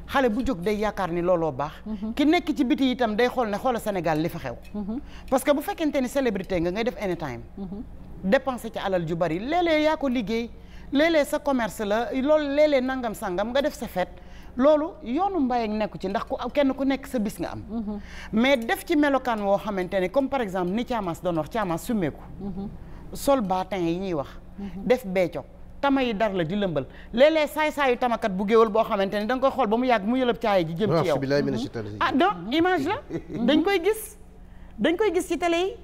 xale bu jóg day yaakaar ni looloo baax. ki nekk ci biti itam day xool ne xoola Sénégal li fa xew. parce que bu fekkente ni célébrité nga ngay def anytime. dépenser ci alal ju bari léeg-léeg yaa ko liggéey léeg sa commerce la loolu léeg-léeg nangam sangam nga def sa fête loolu yoonu mbay ak nekku ci ndax ku kenn ku nekk sa bis nga am. Mhm. mais def ci melokaan woo xamante ne comme par exemple ni Thiamas doon wax Thiamas summeeku. Mhm. sol baatin yi ñuy wax. Mhm. def beeco tama yi dar la di lëmbal léeg-léeg saay-saayu tamakat bu géwal boo xamante ne da nga koy xool ba mu yàgg mu yëlëb caaya ji jëm ci yow ah donc image la dañ koy gis dañ koy gis ci télé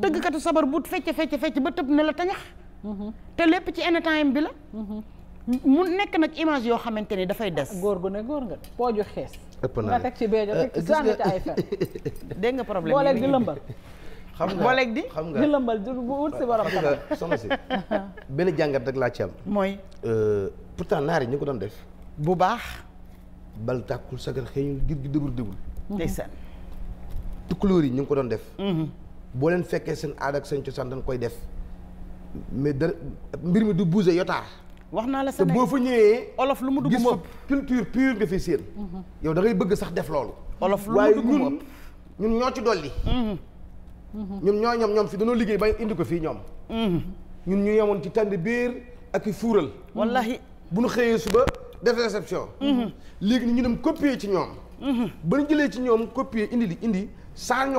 tëggkatu sabar bu fecce fecce fecc ba tëb ne la tañax te lépp ci entertainment bi la mu nekk nag image yoo xamante ni dafay des ah, góor gu ne góor nga pooju xees ëpp naa nga teg dégg nga problème booleeg di lëmbal xam nga booleeg di xam nga di lëmbal du wut si borom xam nga soxna benn jàngat rek laa ci am mooy euh, pourtant naar yi ñu ko doon def bu baax bal tàkkul sagar xëy ñu gir gi dëgul dëgul ndeysaan tukulóor yi ñu ngi ko doon def mhm. boo leen fekkee seen aada ak seen cosaan dañ koy def mais da mbir mi du bouger yotaa. wax naa la sa boo fa ñëwee. olof lu mu dugg moom culture pure nga fi seen. Mhm. yow da ngay bëgg sax def loolu. olof lu mu dugg moom ñun ñun ñoo ci dolli. Mhm. Mhm. ñun ñoo ñoom ñoom fi dañoo liggéey ba indi ko fii ñoom. ñun ñu yemoon ci tànd biir ak i fuural. wallahi bu ñu xëyee suba def réception. léegi ñu dem copier ci ñoom. ba ñu jëlee ci ñoom copier indi li indi saa ñu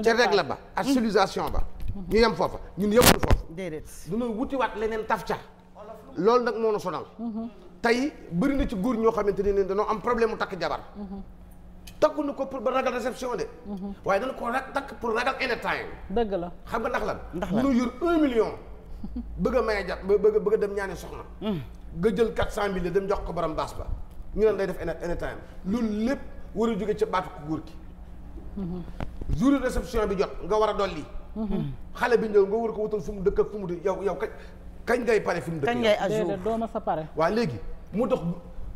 ca règle ba ak civilisation ba ñu yem foofa ñun yëmul foofu déedéet dañoo wutiwaat leneen taf ca loolu nag moo nu sonal tey bëri na ci góor ñoo xamante ne ni dañoo am problème mu takk jabar takkuñu ko pour ba ragal réception de waaye dañu ko rag takk pour ragal any time dëgg la xam nga ndax lan ndax lan ñu un million bëgg a maye jat bëgg bëgg a dem ñaani soxna nga jël quatre cent mille dem jox ko borom baas ba ñu ne day def any time loolu lépp war a jóge ca baatu ko jour réception bi jot nga war a dolli. xale bi ñëw nga war a ko wutal fu mu dëkk ak mu dëkk yow yow kañ kañ ngay pare fi mu dëkk. kañ ngay ajour doo ma sa pare. waa léegi mu dox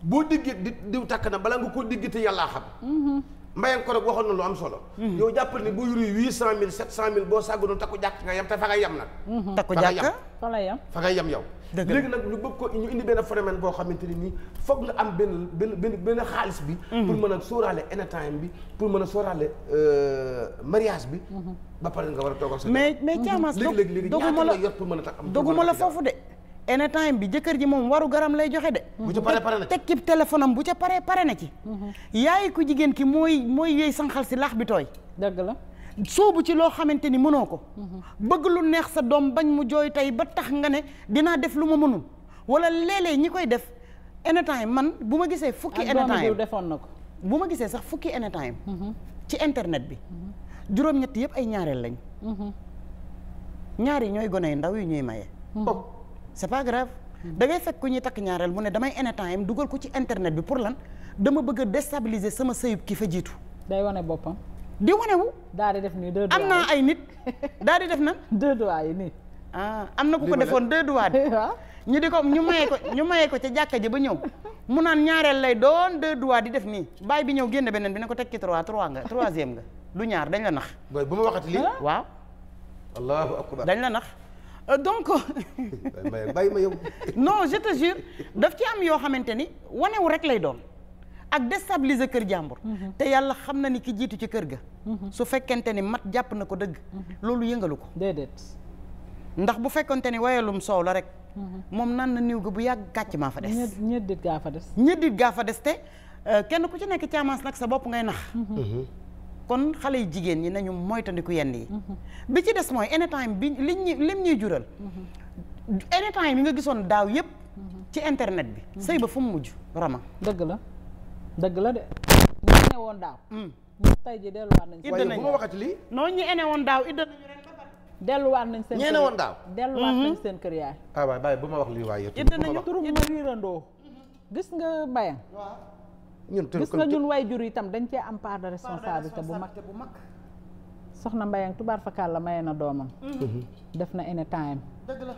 boo diggee di diw takk na bala nga ko diggite yàllaa xam. Mm-hmm. mbayang korog waxoon na lu am solo hmm. yow jàppal ne boo yuru huit cent mille sept cent mille boo sàggoon takku jàkk nga yem te fa nga yem nag hmm. fa nga yem fa léegi nag ñu bëgg ko ñu indi benn phénomène boo xamante ne nii foog nga am benn benn benn benn xaalis bi hmm. pour mën a sóoraale entertainment bi pour mën a sóoraale euh, mariage bi ba pare nga war a toogal sa mais mais caamas léegi a la foofu de anytime bi jëkkër ji moom waru garam lay joxe de. bu ca paree pare bu ca paree pare na ci. Mhm. yaay ku jigéen ki mooy mooy yooyu sànqal si laax bi tooy. dëgg la. soobu ci loo xamante ni mënoo ko. Mhm. bëgg lu neex sa doom bañ mu jooy tey ba tax nga ne dinaa def lu ma mënul. wala léeg-léeg ñi koy def anytime man bu ma gisee fukki. anytime defoon na ko. bu ma gisee sax fukki anytime. Mhm. ci internet bi. juróom-ñett yëpp ay ñaareel lañ. ñaari ñooy gone yu ndaw yu ñuy maye. c'est pas grave da ngay fekk ku ñuy takk ñaareel mu ne damay temps yam dugal ko ci internet bi pour lan dama bëgg a déstabiliser sama sëyub ki fa jiitu. day wane boppam. di wane wu. daa di def nii deux doigts am ay nit daal di def nan. deux doigts yi nii. ah am na ku ko defoon deux doigts ñu di ko ñu mayee ko ñu mayee ko ca jàkka ji ba ñëw mu naan ñaareel lay doon deux doigts di def nii bàyyi bi ñëw génn beneen bi ne ko teg tekki trois trois nga troisième nga du ñaar dañ la nax. bu ma waxati lii. waaw. allahu akbar dañ la nax. Euh, donc bàyyi ma yow non je te daf ci am yoo xamante ni wanewu rek lay doon ak déstabiliser kër jàmbur mhm. te yàlla xam na ni ki jiitu ci kër ga mhm. su fekkente ni mat jàpp na ko dëgg mhm. loolu yëngalu ko déedéet ndax bu fekkente ni wayalum soow la rek moom naan na niw ga bu yàgg kàcc maa fa des ñeddit gaa des ñeddit gaa fa des te euh, kenn ku ci nekk caamaas nag sa bopp ngay nax kon xale yu jigéen ñi nañu moytandiku yenn yi. Mhm. bi ci des mooy anytime bi liñ ñuy lim ñuy jural. Mhm. anytime yi nga gisoon daaw yëpp. Mhm. ci internet bi. sëy ba fu mu mujj rama. dëgg la dëgg la de. ñu ene woon daaw. Mm. ñu tey ji delluwaat nañ. idda nañu bu ma waxati lii. woon daaw idda nañu nañ seen. ñeene woon daaw delluwaat nañ seen kër yaay. ah waay bàyyi bu ma wax lii waaye. idda nañu turum ma riirandoo gis nga Mbayang. ñun gis nga ñun way jur itam dañ cee am part de responsabilité bu mag bu mag soxna Mbayang tubaar fakal la maye na doomam mhm. def na any time dëgg la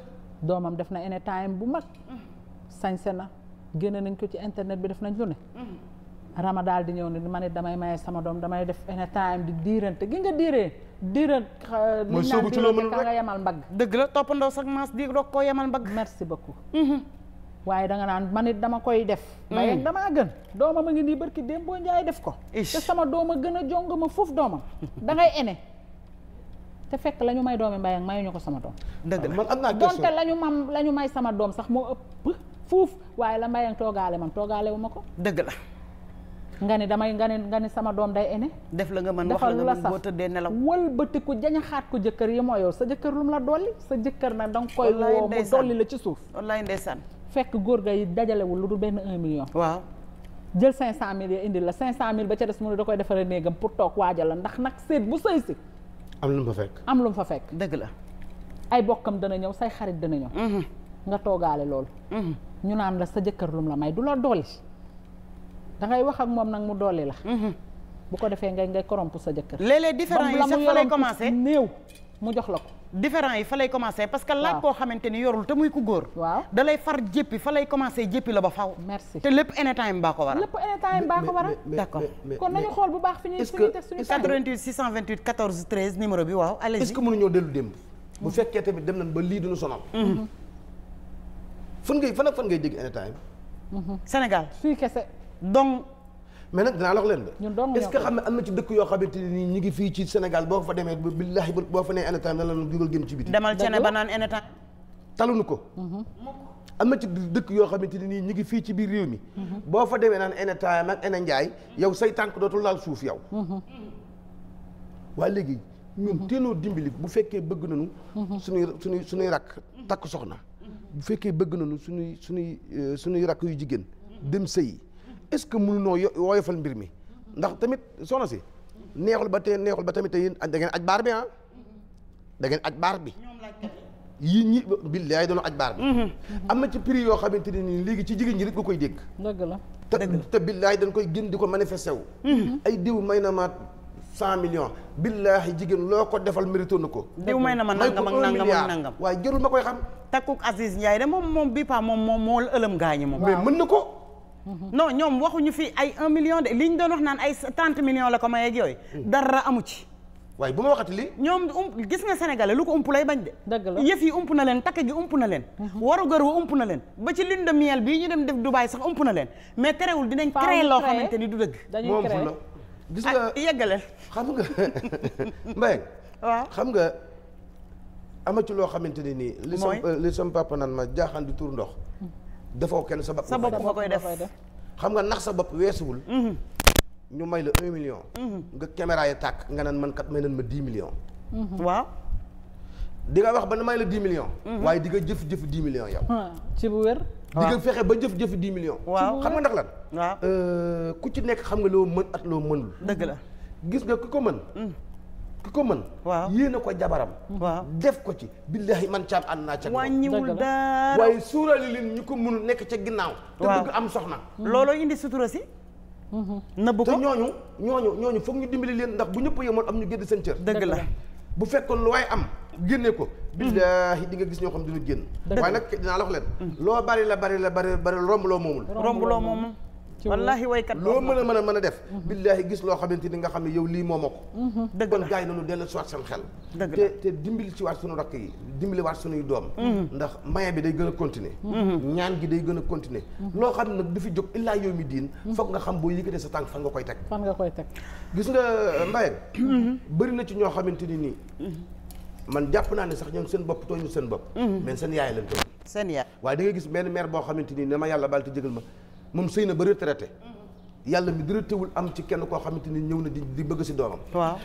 doomam def na any time bu mag mhm. sañse na génne nañ ko ci internet bi def nañ lu ne mhm. rama daal di ñëw ne ma ne damay maye sama doom damay def any time di diirante gi nga diiree diirant mooy sóobu ci loo mënul rek nga yemal mbagg dëgg la toppandoo sax maas di doog koo yemal mbagg merci beaucoup waaye danga naan man it dama koy def. Mm. waaye dama gën doomam a ngi nii barki démb boo njaay def ko. te sama doom a gën a jong ma fuuf doomam dangay ene. te fekk lañu may doomi mbay ak mayuñu ko sama doom. dëgg la man am naa question la ñu may sama doom sax moo ëpp fuuf waaye la mbay toogaale man toogaale wu ma ko. dëgg la. nga ni damay nga ni nga ni sama doom day ene. def la nga mën wax la nga mën boo tëddee nelaw wëlbatiku jañaxaat ko jëkkër yi moo sa jëkkër lu la dolli sa jëkkër nag danga koy woo mu dolli la ci suuf. wallaay ndeysaan fekk góor ga yi dajalewul lu du benn un million waaw jël cinq cent mille ya indi la cinq cent mille ba ca des mu a da koy defaree néegam pour toog waajal la ndax nag séet bu sëy si am lu mu am lu fa fekk dëgg la ay bokkam dana ñëw say xarit dana ñëw mm-hmm. nga toogaale loolu mm-hmm. ñu naan la sa jëkkër lu mu la may du la dolli da ngay wax ak moom nag mu dolli la mm-hmm. bu ko defee ngay ngay koromp sa jëkkër léeg-léeg différent yi sax fa lay commencé néew mu jox la ko différent yi fa lay commencé parce que laaj koo xamante ni yorul te muy ku góor waaw da lay far jéppi fa lay commencé jéppi la ba faw merci te lépp anytime baa ko waral lépp anytime baa ko waral d'accord kon nañu xool bu baax fi ñuy suñu teg suñu 88 628 14 13 numéro bi waaw allez est-ce que mënuñoo dellu démb bu mm-hmm. fekkee tamit dem nañ ba lii duñu sonal mm-hmm. fan ngay fan ak fan ngay dégg anytime mm-hmm. Sénégal suy kese donc mais nag dinaa leen de. est-ce que xam ne am na ci dëkk yoo xamante ni ñu ngi fii ci Sénégal boo fa demee billahi boo fa nee en la dugal génn ci biti. demal ba naan en état. taluñu ko. Mhm. am na ci dëkk yoo xamante ne nii ñu ngi fii ci biir réew mi. Mhm. boo fa demee naan en état nag en njaay yow say tànk dootul laal suuf yow. Mhm. waa léegi ñun teenoo dimbali bu fekkee bëgg nañu. suñuy suñuy suñuy rakk takk soxna. bu fekkee bëgg nañu suñuy suñuy euh, suñuy rakk yu jigéen dem sëyi. est-ce que mënuñoo yo woyofal mbir mi ndax tamit soxna si neexul ba te neexul ba tamit yéen da ngeen aj baar bi ah da aj baar bi yi ñi billaay doon aj baar bi mhm. am na ci prix yoo xamante ne nii léegi ci jigéen ñi rek nga koy dégg dëgg la te billaay dañ koy gën di ko manifesté wu mhm. ay diw may na ma cent millions billahi jigéen loo ko defal mérité na ko diw may na ma nangam ak nangam ak waaye jërul ma koy xam takkuk Aziz Ndiaye de moom moom bi pa moom moom moo moom mais mën na ko non ñoom waxuñu fi ay un million de li ñu doon wax naan ay trente million la ko may ak yooyu hmm. dara amu ci waaye bu ma waxati li ñoom ump gis nga sénégalais lu ko ump lay bañ de dëgg yëf yi ump na leen takk gi ump na leen hmm. warugar wa ump na leen ba ci lune de miel bii ñu dem def Dubaï sax ump na leen mais terewul dinañ créé loo xamante ni du dëgg moom fu la gis nga ah, yeggaleel xam nga Mbaye waaw xam nga ama ci loo xamante ne nii li sam euh, li sam papa naan ma jaaxaan di tur ndox hmm. defoo kenn sa bopp. sa bopp nga koy def xam nga nax sa bopp weesuwul. Mhm. ñu may la un million. Mhm. nga caméra yi tàkk nga naan man kat may nan ma dix millions. Mhm. waaw. di nga wax ba may la dix million waaye di nga jëf jëf dix million yow. ci bu wér. di fexe ba jëf jëf dix millions. waaw xam nga ndax lan. waaw euh, ku ci nekk xam nga loo mën at loo mënul. dëgg la gis nga ku ko mën. ki ko mën. waaw yéen ko jabaram. waaw def ko ci. billahi man caab ànd naa ca. wàññiwul dara waaye suurali leen ñu ko mun nekk ca ginnaaw. te bëgg am soxna. Mm-hmm. looloo indi sutura si. Mm-hmm. nëbb ko te ñooñu. ñooñu ñooñu foog ñu dimbali leen ndax bu ñëpp yemoon am ñu gédd seen cër. dëgg la bu fekkoon lu waay am génne ko. Mm-hmm. billahi di nga gis ñoo xam ne du ñu génn. waaye nag dinaa la leen. loo bari la bari la bari bari romb loo moomul. romb loo moomul. wallaahi waykat loo mën a mën a mën a def mm-hmm. billaahi gis loo xamante ni nga xam ne yow lii moo ma ko mm-hmm. kon gars yi nañu dellu si waat seen xel te te ci waat suñu rakk yi dimbali waat suñuy doom mm-hmm. ndax maye bi day gën a continuer ñaan gi day gën a continuer loo xam ne nag du fi jóg illaa yow mi diin foog nga xam boo yëkkatee sa tànk fan nga koy teg fan nga koy teg gis nga euh, Mbaye bëri na ci ñoo xamante ni nii man jàpp naa ne sax ñoom seen bopp tooñu seen bopp mais seen yaay lañ tooñ seen yaay waaye da nga gis benn mère boo xamante nii ne ma yàlla baal te jégal ma moom sëy na bëri retraité yàlla mi dara am ci kenn koo xamante ni ñëw na di di bëgg si doomam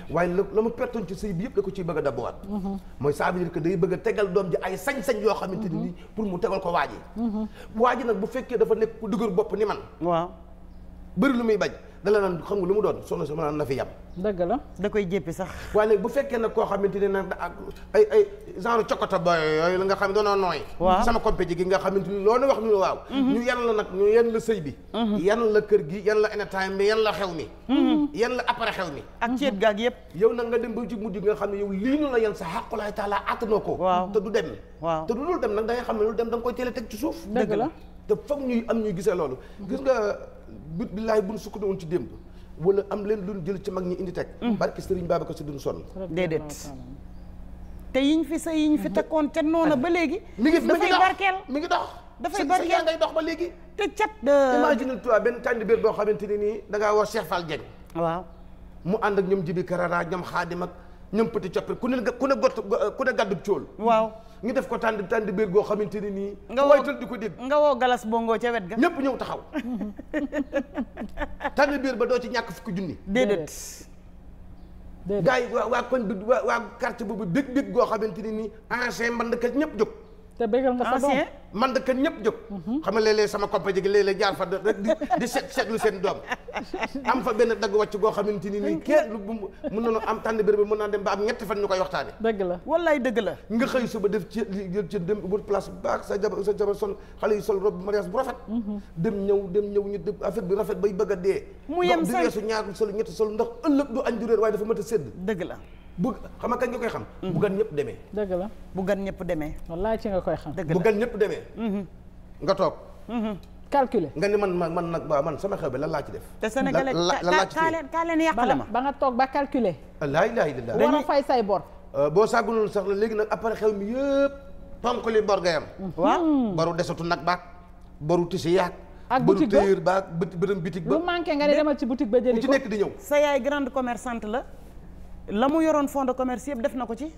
waaye la la mu pertoon ci sëy bi yëpp da ko ciy bëgg a dabuwaat mm-hmm. mooy ça veut dire que day bëgg a tegal doom ji ay sañ-sañ yoo xamante ni nii mm-hmm. pour mu tegal ko waa ji mm-hmm. waa ji nag bu fekkee dafa nekk ku dëgër bopp ni man waaw bëri lu muy bañ da la naan xam nga lu mu doon soxna si mën na fi yam dëgg la da koy jéppi sax. waaye bu fekkee nag koo xamante ne nag ay ay genre cokkata ba yooyu la nga xam ne doonoo nooy. waaw sama compétit gi nga xamante ni loolu wax waaw. Mhm. yan la nag yan la sëy bi. Mhm. yan la kër gi yan la anytime bi yan la xew mi. Mhm. yan la après xew mi. ak ceet gaag yëpp. yow nag nga dem ba ci mujj gi nga xam ne yow lii nu la yan sa xàqulaay taala attanoo ko. waaw te du dem. waaw te du loolu dem nag da xam ne loolu dem da nga koy teel teg ci suuf. dëgg la te foog ñuy am ñuy gisee loolu. gis nga billaay bu ñu sukkandiku woon ci démb wala am leen luñ jël ci mag ñi indi teg. Mm. barki Serigne Babacar si duñ sonn. déedéet. te yi yiñ fi sa yiñ fi mm-hmm. takkoon ca noona ba léegi. mi ngi dafay barkeel mi ngi dox dafay barkeel ngay dox ba léegi. te cat. Euh, imagine toi benn tànn boo xamante ne nii da ngaa woo Cheikh Fall Dieng. waaw mu ànd ak ñoom Jibi Karara ñoom Xaadim ak ñoom Petit Coppi ku ne ku ne gott ku ne gàddub cool. waaw. ñu def ko tànd tànd biir goo xamante ne nii. nga woo waytal di ko dégg. nga woo galas bongo ca wet ga. ñëpp ñëw taxaw. tànd biir ba doo ci ñàkk ko junni. déedéet. déedéet yi waa waa koñ bi waa waa quartier boobu dégg-dégg goo xamante ne nii ancien ka ñëpp jóg. te bégal nga sa doom man de kan ñëpp jóg. Mhm. xam ne léeg-léeg sama compagnie gi léeg-léeg jaar fa rek di di seet seetlu seen doom am fa benn dagg wàcc goo xamante ni nii kenn lu mun nañu am tànn béréb bi mun naa dem ba am ñetti fan ñu koy waxtaane dëgg la wallaay dëgg la. nga xëy suba def ci jël ci dem bu place bu sa jabar sa jabar sol xale yi sol robe mariage bu rafet. Mhm. dem ñëw dem ñëw ñu affaire bi rafet bay bëgg a dee. mu yem say ndox di weesu ñetti sol ndax ëllëg du añ waaye dafa mën a sédd. dëgg la. bu xam nga koy xam. Mm. bu gan ñëpp demee. dëgg la bu gan ñëpp demee. wallaay ci nga koy xam. bu gan ñëpp demee. Mm-hmm. nga toog. Mm-hmm. calculer nga ni man man nag waaw man sama xew bi lan ci def. te sénégalais kaa leen kaa leen yàq la ma. ba nga toog ba calculer. la ilaha illallah war a fay say bor. Euh, boo saagunul sax la léegi nag après xew mi yëpp ponk li bor gayam. Mm-hmm. waaw baru desatu nag baak baru tisi yaak. ak boutique ba baru téyër baak bërëm bitig ba. lu manqué nga ne demal ci boutique ba jëli ko ci nekk di ñëw. sa yaay grande commerçante la. la mu yoroon fonds de commerce yëpp def na ko ci.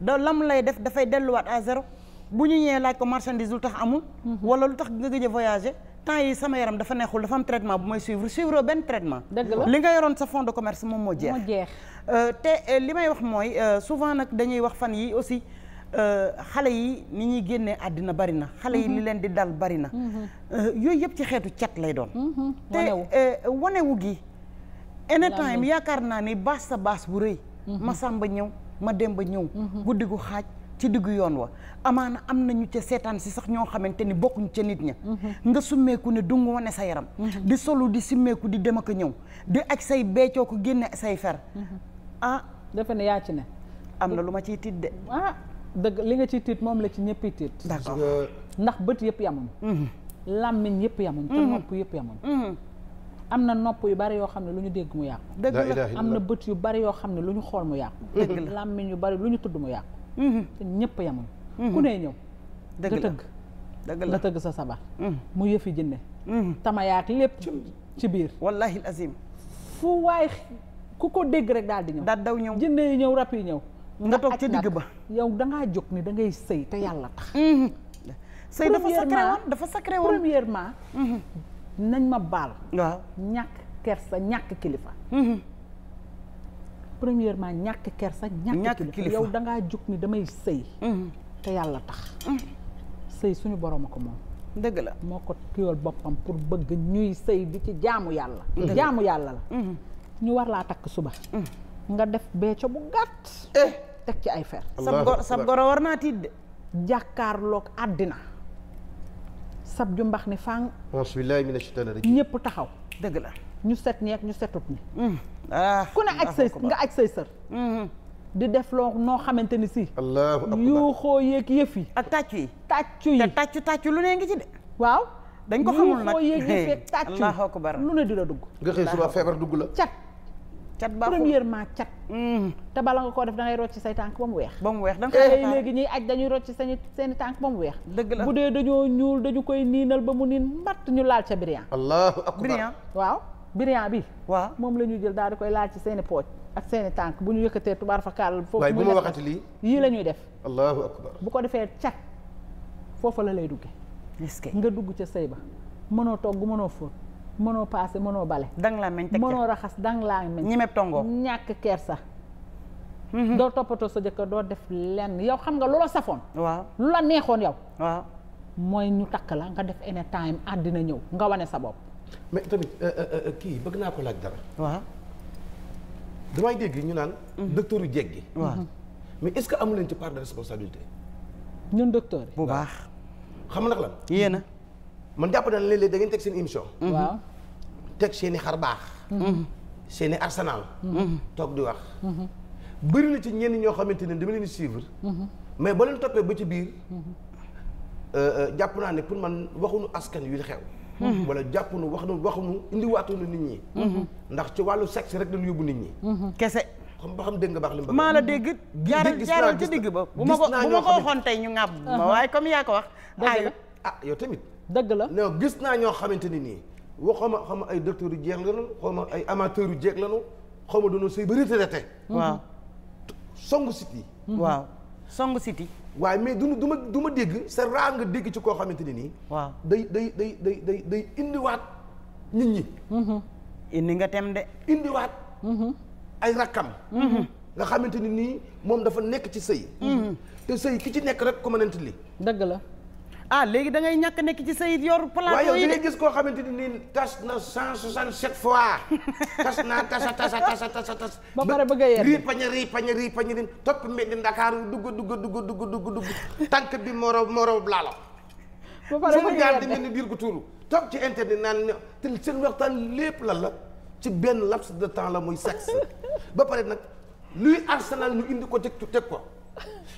da lam lay def dafay delluwaat à zéro bu ñu ñëwee laaj ko marchandise lu tax amul. wala lu tax nga gëj a voyager temps yi sama yaram dafa neexul dafa am traitement bu may suivre suivre benn traitement. dëgg li nga yoroon sa fonds de commerce moom moo jeex. moo jeex euh, te euh, li may wax mooy euh, souvent nag dañuy wax fan yi aussi. xale yi ni ñuy génnee àddina bari na xale yi li mm-hmm. leen di dal bari na mm-hmm. yooyu yëpp ci xeetu cet lay doon mm-hmm. te anytime yaakaar naa ni baas sa baas bu rëy mhm. ma sàmba ñëw ma dem ba ñëw mhm. guddi gu xaaj ci diggu yoon wa amaana am nañu ca seetaan si sax ñoo xamante ni bokkuñ ca nit ña mhm. nga summeeku ne dungu wane sa yaram di solu di simmeeku di dem ak ñëw di ak say beecoo ko génne say fer ah dafa ne yaa ci ne am na lu ma ciy tiit de ah dëgg li nga ciy tiit moom la ci ñëppi tiit d'accord ndax bët yëpp yamuñ làmmiñ yëpp yamuñ te nopp yëpp yamuñ am na nopp yu bari yoo xam ne lu ñu dégg mu yàqu dëgg la am na bët yu bari yoo xam ne lu ñu xool mu yàqu dëgg la yu bari lu ñu tudd mu yàqu mm-hmm. ñëpp yamuñ mm-hmm. ku ne ñëw nga tëgg nga tëgg sa sabar mm-hmm. mu yëfi jinne tamayaak lépp ci biir wallahi azim fu waay ku ko dégg rek daal di ñëw daal daw ñëw jinne yi ñëw rap yi ñëw nga toog ca digg ba yow dangaa jóg ni dangay ngay sëy te yàlla tax sëy dafa sacré woon dafa sacré woon premièrement nañ ma baal. waaw ñàkk kersa ñàkk kilifa. Mhm. premièrement ñàkk kersa. ñàkk kilifa yow da ngaa jug ni damay sëy. Mhm. te yàlla tax. Mhm. sëy suñu borom a ko moom. dëgg la moo ko kiwal boppam pour bëgg ñuy sëy di ci jaamu yàlla. jaamu yàlla la. ñu war laa takk suba. nga def beeco bu gàtt. Eh. teg ci ay fer. sa goro war naa tiit de. jàkkaarloog àddina. sab ju mbax ni fang. bismillaahi mina shaytaani rajiim ñëpp taxaw. dëgg la ñu set ñeek ñu setut ñi. Mm. Ah, ku ne aj say nga aj say sër. Mm-hmm. di def loo noo xamante ni si. allahu akbar yuuxoo yeeg yëf yi. ak tàccu yi tàccu yi te tàccu tàccu lu ne ngi ci de. waaw dañ ko xamul nag yuuxoo yeeg yëf yi tàccu allahu akbar lu ne di la dugg. nga xëy suba feebar dugg la cat. cat baaxul premièrement cat. Mm-hmm. te bala nga koo def da ngay rocc say tànk ba mu weex. ba mu weex da nga koy eh, léegi ñuy aj dañuy rocc seen seeni tànk ba mu weex. dëgg la bu dee dañoo ñuul dañu koy niinal ba mu niin matt ñu laal ca biriyan. allahu akbar biriyan waaw. biriyan bi. waaw moom la ñuy jël daal di koy laal ci seeni pooj ak seeni tànk bu ñu yëkkatee tubaar fa kaal. foofu mu ma waxati lii yii la ñuy def. bu ko defee cat foofu la lay duggee. nga dugg ca sëy ba mënoo togg mënoo fóot mënoo paase mënoo bale. dang laa meñ teg mënoo raxas dang laa meñ. ñi meb tongoo ñàkk kersa. Mhm. doo toppatoo sa jëkkër doo def lenn yow xam nga lu la safoon. waaw lu la neexoon yow. mooy ñu takk la nga def any time àddina ñëw nga wane sa bopp. mais tamit euh, euh, euh, kii bëgg naa ko laaj dara. waaw. damay dégg ñu naan. Mhm. docteuru jeeg gi. waaw mhm. mais est-ce que amu leen ci part de responsabilité. ñun docteur yi bu baax. xam nga nag lan yéena man jàpp na ne léeg-léeg da ngeen teg seen émission. Mhm. waaw teg seen i xar baax. Mhm. seen i arsenal. Mhm. toog di wax. bëri na ci ñenn ñoo xamante ne dama leen di suivre. mais ba leen toppee ba ci biir. Euh, euh, jàpp naa ne pour man waxuñu askan wi xew. wala jàpp nu wax nu wax nu indiwaatuñu nit ñi. ndax ci wàllu sexe rek dañu yóbbu nit ñi. kese. xam ba xam dégg nga baax li mu bëgg. maa la dégg. jaaral jaaral ci digg ba bu ma ko bu ma ko waxoon tey ñu ŋàbb ma waaye comme yaa ko wax. aywa ah yow tamit. dëgg la non gis naa ñoo xamante ni nii waxuma xama ay docteurs yu jeex lañu xama ay amateurs yu jeex lañu xama doonu sëy ba retraité waaw mhm. songu siti mhm. waaw songu siti waaye mais du du ma du dégg sa raa nga dégg ci koo xamante ni nii waaw day day day day day day indiwaat nit ñi mhm. indi nga tem de indiwaat ay rakkam nga xamante ni nii moom dafa nekk ci sëy te sëy ki ci nekk rek ko mënant li dëgg la ah léegi da ngay ñàkk nekk ci say yor plateau yi waaye yow gis koo xamante ni tas na cent soixante sept fois tas naa tasa tasa tasa tasa tas ba pare bëgg a yee rii pañe rii pañe rii pañe rin topp mbedd Ndakaar dugg dugg dugg dugg dugg dugg tànk bi moo raw moo raw laalo ba di mel ni biir gu tuuru toog ci internet naan te seen waxtaan lépp lan la ci benn laps de temps la muy sexe ba pare nag luy Arsenal ñu indi ko teg teg ko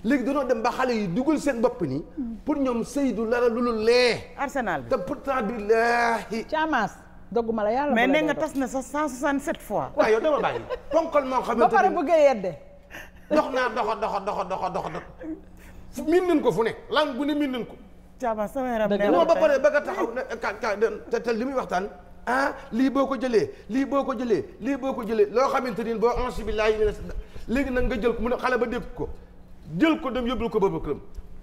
léegi danoo dem ba xale yi dugal seen bopp nii pour ñoom sëy du lara lu lu lee. Arsenal bi te pourtant billaahi. Caamaas dogguma la yàlla. mais nee nga tas na sa 167 fois. waaw yow dama bàyyi ponkal moo xamante ni ba pare bëgg a yedde. dox naa doxa doxa doxa doxa doxa dox miin nañ ko fu ne lan bu ne miin nañ ko. Caamaas sama yaram nee na ba pare bëgg a taxaw ne ka ka te te li muy waxtaan. ah lii boo ko jëlee lii boo ko jëlee lii boo ko jëlee loo xamante ni boo ansibilaay léegi nag nga jël ko mu ne xale ba dégg ko. jël ko dem yóbbul ko ba këram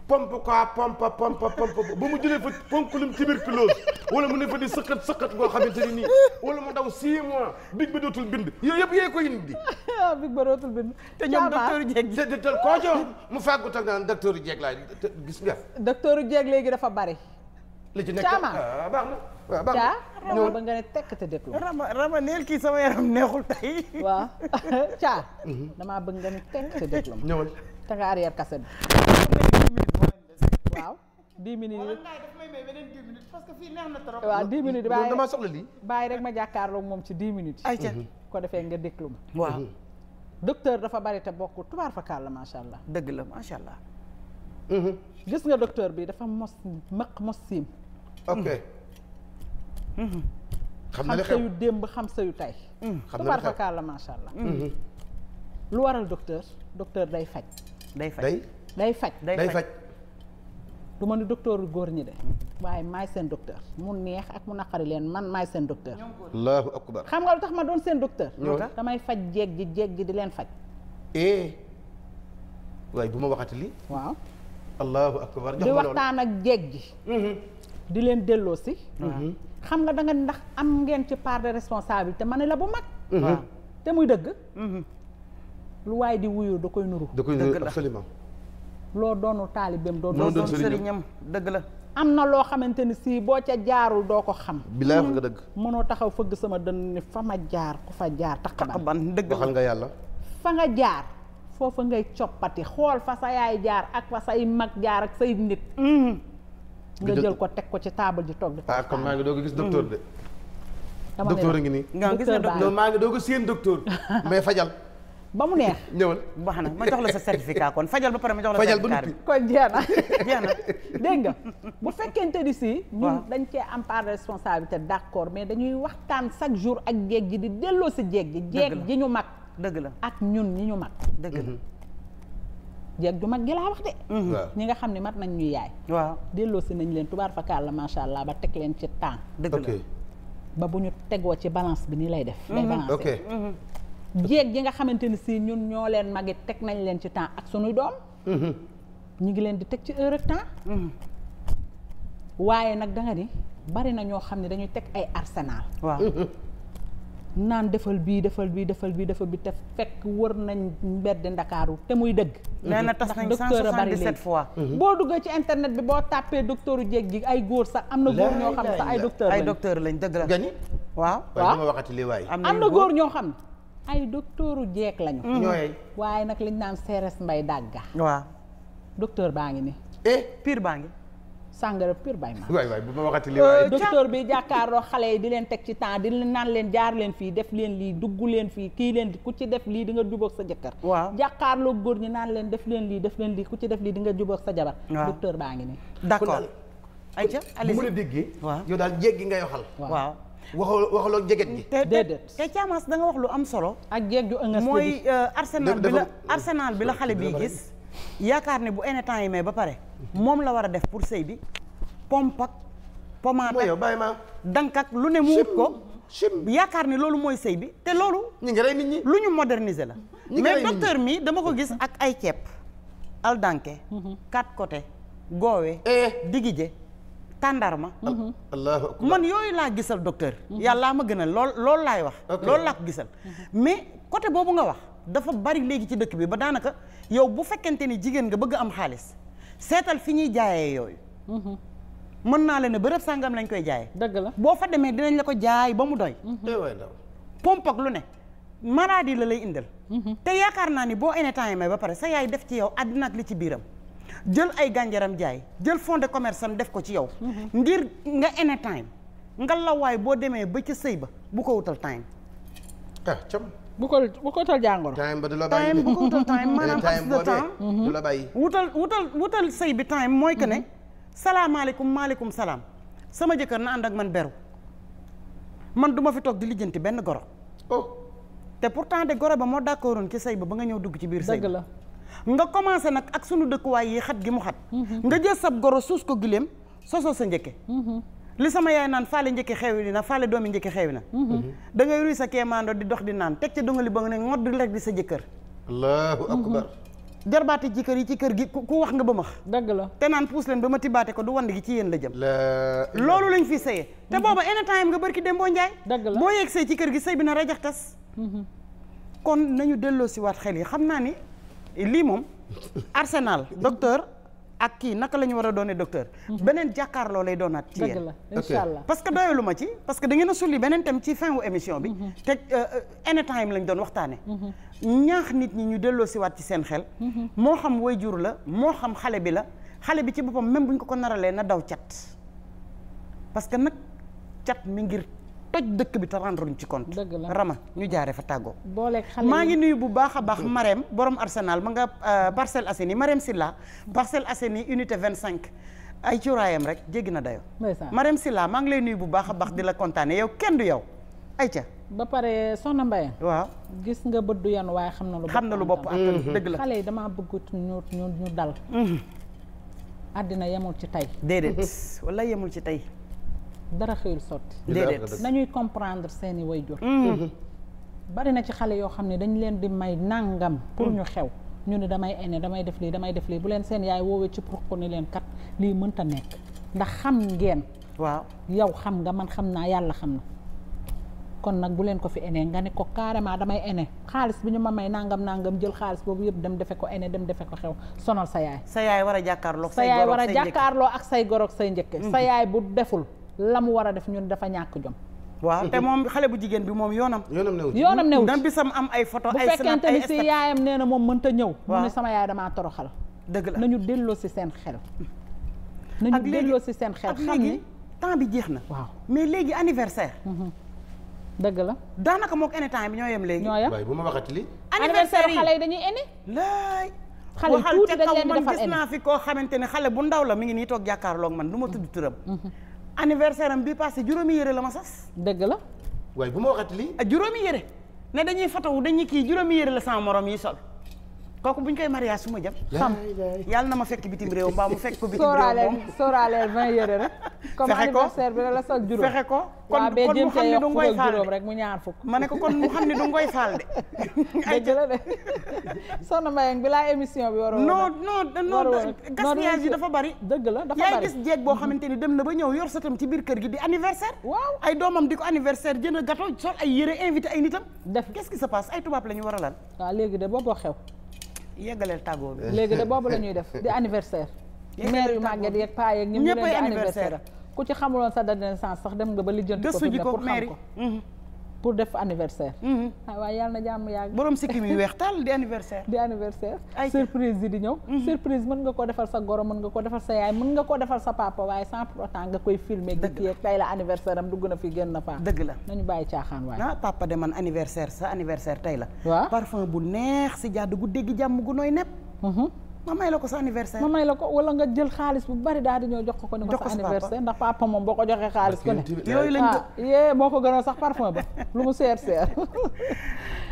pompe ko pompe pompe pompe ba mu jëlee fa ponkulum tuberculose wala mu ne fa di sëqat sëqat ngoo xamante ni nii wala mu daw six mois big ba dootul bind yooyu yëpp yee ko indi. waaw ah, big ba dootul bind. te ñoom docteur Dieg te te koo jox mu fàggu tag naan docteur Dieg laay gis nga. léegi dafa bari. li ci nekk caama ah, baax na. waaw baax na caa ba nga ne tekk te déglu. rama rama neel kii sama yaram neexul mhm. bëgg ne tekk te déglu. ñëwal. te nga arrière kase bi. waaw. 10 minutes parce que fii neex na trop. waaw 10 minutes bàyyi dama soxla lii. bàyyi rek ma jàkkaarloog moom ci 10 minutes. ayca ko defee nga déglu ma. waaw. Mhm. docteur dafa bari te bokk tubaar fa kàll macha allah. dëgg la macha allah. Mhm. gis nga docteur bi dafa mos maq mos siim. ok. Mhm. xam na li xew xam xam sa tey. xam na li xew tubaar fa kàll lu waral docteur docteur day faj. day faj day faj faj du ma ne docteur góor ñi de waaye maay seen docteur mu neex ak mu naqari leen man maay seen docteur allahu akbar xam nga lu tax ma doon seen docteur damay faj jeeg ji jeeg ji di leen faj eh waaye bu ma waxati li waaw allahu akbar di waxtaan ak jeeg ji mm-hmm. di leen delloo si mm-hmm. xam nga da ndax am ngeen ci part de te ma ne la bu mag mm-hmm. te muy dëgg lu waaye di wuyu da koy nuru. da koy nuru absolument. loo doonul taalibeem doo doon sëriñam dëgg la. am na loo xamante ni sii boo ca jaarul doo ko xam. bilaay wax nga dëgg. mënoo taxaw fëgg sama dënn ni fa ma jaar ku fa jaar. tax ban dëgg waxal nga yàlla. fa nga jaar foofa ngay coppati xool fa sa yaay jaar ak fa say mag jaar ak say nit. Mm-hmm. nga jël ko teg ko ci taabal ji toog di. ah kon maa ngi doog a gis docteur de. Mm-hmm. docteur a ngi nii. nga gis ne docteur maa ngi doog a seen docteur mais fajal. ba mu neex ñëwal wax na ma jox la sa certificat kon fajal ba pare ma jox la certificat bi kon jeex na dégg nga bu fekkente ni si ñun dañ cee am part de responsabilité d'accord mais dañuy waxtaan chaque jour ak jeeg ji di delloo si jeeg ji jeeg ji ñu mag dëgg la ak ñun ñi ñu mag dëgg la jeeg ju mag gi laa wax de mm-hmm. ñi nga xam ne mat nañ ñu yaay waaw delloo si nañ leen tubaar la macha allah ba teg leen ci temps dëgg la ba bu ñu tegoo ci balance bi ni lay def mm-hmm. jéeg yi nga xamante ni si ñun ñoo leen magi teg nañ leen ci temps ak suñuy doom mhm. ñu ngi leen di teg ci heure temps mhm. waaye nag danga ni bari na ñoo xam ne dañuy teg ay arsenal waaw mhm. naan defal bii defal bii defal bii defal bi te fekk wër nañ mbedd ndakaaru te muy dëgg nee na tas nañ 177 fois boo duggee ci internet bi boo tàppee docteuru jéeg ji ay góor sax am na góor ñoo xam ne sax ay docteur ay docteur lañ dëgg la gani waaw waaw am na góor ñoo xam ay docteuru jeeg lañu. Mm-hmm. ñooy waaye nag liñ naan seerees mbay dàgga. waaw docteur baa ngi ni eh pire baa ngi. sàngara pure bay ma waay waay bu ma waxati euh, bi jàkkaarloo xale yi di leen teg ci temps di leen naan leen jaar leen fii def leen lii dugg leen fii kii leen ku ci def lii di nga jubóog sa jëkkër waaw jàkkaarloo góor ñi naan leen def leen lii def leen lii ku ci def lii di nga jubóog sa jabar docteur baa ngi nii d'accord ayca allez bu ma la déggee waaw yow daal jéeg gi ngay waxal waxu waxuloo jeget gi. déedéet te Thiamas da wax lu am solo. ak jeeg ju ëngas mooy euh, arsenal bi la arsenal bi la xale bii gis. yaakaar ne bu ene temps yi may ba pare moom la war a def pour sëy bi pompe ak pommade ak lu ne mu wut ko yaakaar ne loolu mooy sëy bi te loolu ñu ngi lu ñu moderniser la mais docteur mi dama ko gis ak ay ceeb al danke mhm. quatre côté goowe eh. digije tàndarma. Mhm. man yooyu laa gisal docteur. yàllaa ma gënal lool loolu laay wax. lool laa ko gisal. Mhm. mais côté boobu nga wax dafa bari léegi ci dëkk bi ba daanaka yow bu fekkente ni jigéen nga bëgg am xaalis seetal fi ñuy jaayee yooyu. Mhm. mën naa la ne bërëb sàngam lañ koy jaaye dëgg la boo fa demee dinañ la ko jaay ba mu doy. Eh pomp ak lu ne maladie la lay indal. te yaakaar naa ni boo enee temps yi may ba pare sa yaay def ci yow àddina ak li ci biiram. jël ay gànjaram jaay jël fond de commerce def ko ci yow. Mm-hmm. ngir nga ene time nga lawaay boo demee ba ca sëy ba bu ko wutal time. ah bu ko bu ko wutal jàngoro. time ba du la bàyyi mm-hmm. sëy bi time mooy que ne. Mm-hmm. salaamaaleykum maaleykum salaam sama jëkkër na ànd ak man beru man du fi toog di lijjanti benn goro. oh te pourtant de goro ba moo d'accordoon ci sëy ba ba nga ñëw dugg ci biir. sëy ba la. nga commencé nag ak sunu dëkkuwaay yi xat gi mu xat mhm. nga jël sab goro suus ko gileem sosoo sa njëkke mhm. li sama yaay naan faale njëkki xewi na faale doomi njëkki xewi na mhm. da ngay ruy sa keemaando di dox di naan teg ca dongali ba nga ne ngodd rek di sa jëkkër allahu akbar jarbaate yi ci kër gi ku wax nga ba max dëgg la te naan puus leen ba ma tibaate ko du wand gi ci yéen la jëm loolu lañ fi sëyee te booba en temps nga bërki dem boo njaay dëgg la boo ci kër gi sëy bi na rajax tas kon nañu delloo si waat xel yi xam naa ni lii moom Arsenal docteur ak kii naka la ñu war a doone docteur beneen jàkkaarloo lay doonaat ci yéen incha allah parce que doyalu ma ci parce que da ngeen a sulli beneen tam ci fin wu émission bi mhm. te euh, anytime lañ doon waxtaane mhm. ñaax nit ñi ñu delloo siwaat ci seen xel mhm. moo xam waajur la moo xam xale bi la xale bi ci boppam même bu ñu ko ko naralee na daw cat parce que nag cat mi ngir toj dëkk bi te rendre ñu ci la rama ñu jaaree fa tàggoo. maa ngi nuyu bu baax a baax Marème borom Arsenal ma nga euh, Parcelles Assainies Marème Silla Parcelles Assainies unité 25. ay cuuraayam rek jéggi na dayo Marème Silla maa ngi lay nuyu bu baax a baax di la kontaane yow kenn du yow ay ca ba pare soxna Mbaye waaw gis nga bët du yan waaye xam na lu xam na lu bopp ak dëgg la xale yi damaa bëgg ñu ñu ñu dal mhm. àddina yemul ci tey déedéet wala yemul ci tey dara xëyul sotti. déedéet nañuy comprendre seeni way mm-hmm. mm-hmm. bari na ci xale yoo xam ne dañ leen di may nàngam. pour mm. ñu xew ñu ne damay ene damay def lii damay def lii bu leen seen yaay woowee ci pour ko ni leen kat lii mënta nekk ndax xam ngeen. waaw yow xam nga man xam naa yàlla xam na. kon nag bu leen ko fi enee nga ne ko carrément damay ene xaalis bi ñu ma may nangam nangam jël xaalis boobu yëpp dem defe ko ene dem defe ko xew sonal sa yaay. sa yaay war a jàkkaarloo sa yaay war a jàkkaarloo ak say goroog say njëkke mm-hmm. sa yaay bu deful. la mu war a def ñun dafa ñàkk jom waaw mm-hmm. te moom xale bu jigéen bi moom yoonam yoonam newu yoonam newu dam bi sam am ay photo ay bu fekkente ni si yaayam nee na moom mënta ñëw mu ne sama yaay damaa toroxal dëgg la na ñu delloo si seen xel nañu delloo si seen xel xam ni temps bi jeex na waaw mais léegi anniversaire mm-hmm. dëgg la daanaka mook any time bi ñoo yem léegi ñoo yem bu ma waxati li anniversaire xale yi dañuy ene laay xale tuuti dañ leen di defal ene waxal ca naa koo xamante ne xale bu ndaw la mi ngi nii toog jàkkaarloog man du ma tudd turam mm-hmm. anniversaire am bi passé juróomi yére la ma sas. dëgg la. waaye bu ma waxati lii. Ah, juróomi yére ne dañuy fotowu dañuy kii juróomi yére la sama morom yi sol. kooku bu ñu koy mariage su ma jëm. xam yàlla na ma fekk bitim réew mbaa mu fekk ko bitim réew moom sóoraale vingt yére rek. la la sol juróom fexe ko kon kon mu xam ne du ngoy faal rek mu ñaar fukk ma ne ko kon mu xam ne du ngoy faal de. dëgg la de soxna Mbayang bi laa émission bi waroon non non non gaspillage yi dafa bari. dëgg la dafa bari yaay gis jeeg boo xamante ni dem na ba ñëw yor sa tam ci biir kër gi di anniversaire. waaw ay doomam di ko anniversaire jënd gâteau sol ay yére invité ay nitam. def quest sa qui ay tubaab la ñu war a lan. léegi de boobu xew yeggaleel tàggoo bi. léegi de boobu la ñuy def di anniversaire. mère yu màgget yeeg paa yeeg ñëpp ñu leen di anniversaire ku ci xamuloon sa date sax dem nga ba lijjanti ko. gëstu ji ko mère mhm. ko pour def anniversaire. Mm-hmm. Ah, waaye yàlla na jàmm yàgg. borom sikki mi weex taal di anniversaire. di anniversaire surprise yi di ñëw. Mm-hmm. surprise mën nga ko defal sa goro mën nga ko defal sa yaay mën nga ko defal sa papa waaye sans pour nga koy filmer. dëgg tey la anniversaire dugg na fi génn faa. dëgg la nañu bàyyi caaxaan waaye. ah de man anniversaire sa anniversaire tey la. waaw parfum bu neex si jàdd gu dégg jàmm gu nooy nepp. Mm-hmm. ma may la ko sa anniversaire ma may la ko wala nga jël xaalis bu bari daal di ñëw jox ko ko ni ko sa anniversaire ndax papa moom boo ko joxee xaalis ko ne yooyu lañ ah, yee moo ko gënoon sax parfum ba lu mu seer seer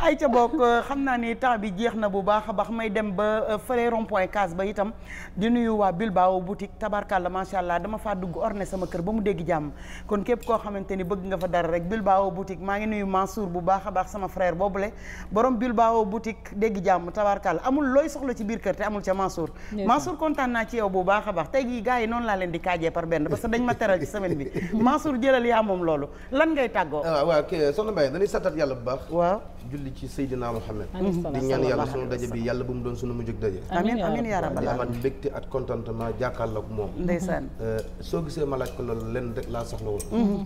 ay ca bokk euh, xam naa ni temps bi jeex na bu baax a baax may dem ba euh, fële rond-point case ba itam di nuyu waa Bilbao boutique la macha allah dama faa dugg orné sama kër ba mu dégg jàmm kon képp koo xamante ni bëgg nga fa dara rek Bilbao boutique maa ngi nuyu Mansour bu baax a baax sama frère boobule borom Bilbao boutique dégg jàmm tabarkalla amul looy soxla ci biir kër te amul ca Mansour Mansour kontaan naa ci yow bu baax a baax tey jii yi noonu laa leen di kaajee par benn parce que dañ ma teral ci semaine bi Mansour jëlal yaa moom loolu lan ngay tàggoo ah, waaw ok soxna Mbaye dañuy santat yàlla bu baax waaw julli ci Seydina Mouhamed di ñaan yàlla sunu daje bi yàlla bu mu doon sunu mujjug daje amiin amiin yaa rabbal alamin di amat mbégte ak contentement jàkkaarloog moom ndeysaan eh, soo gisee ma laaj ko loolu leen rek laa soxla woon mhm.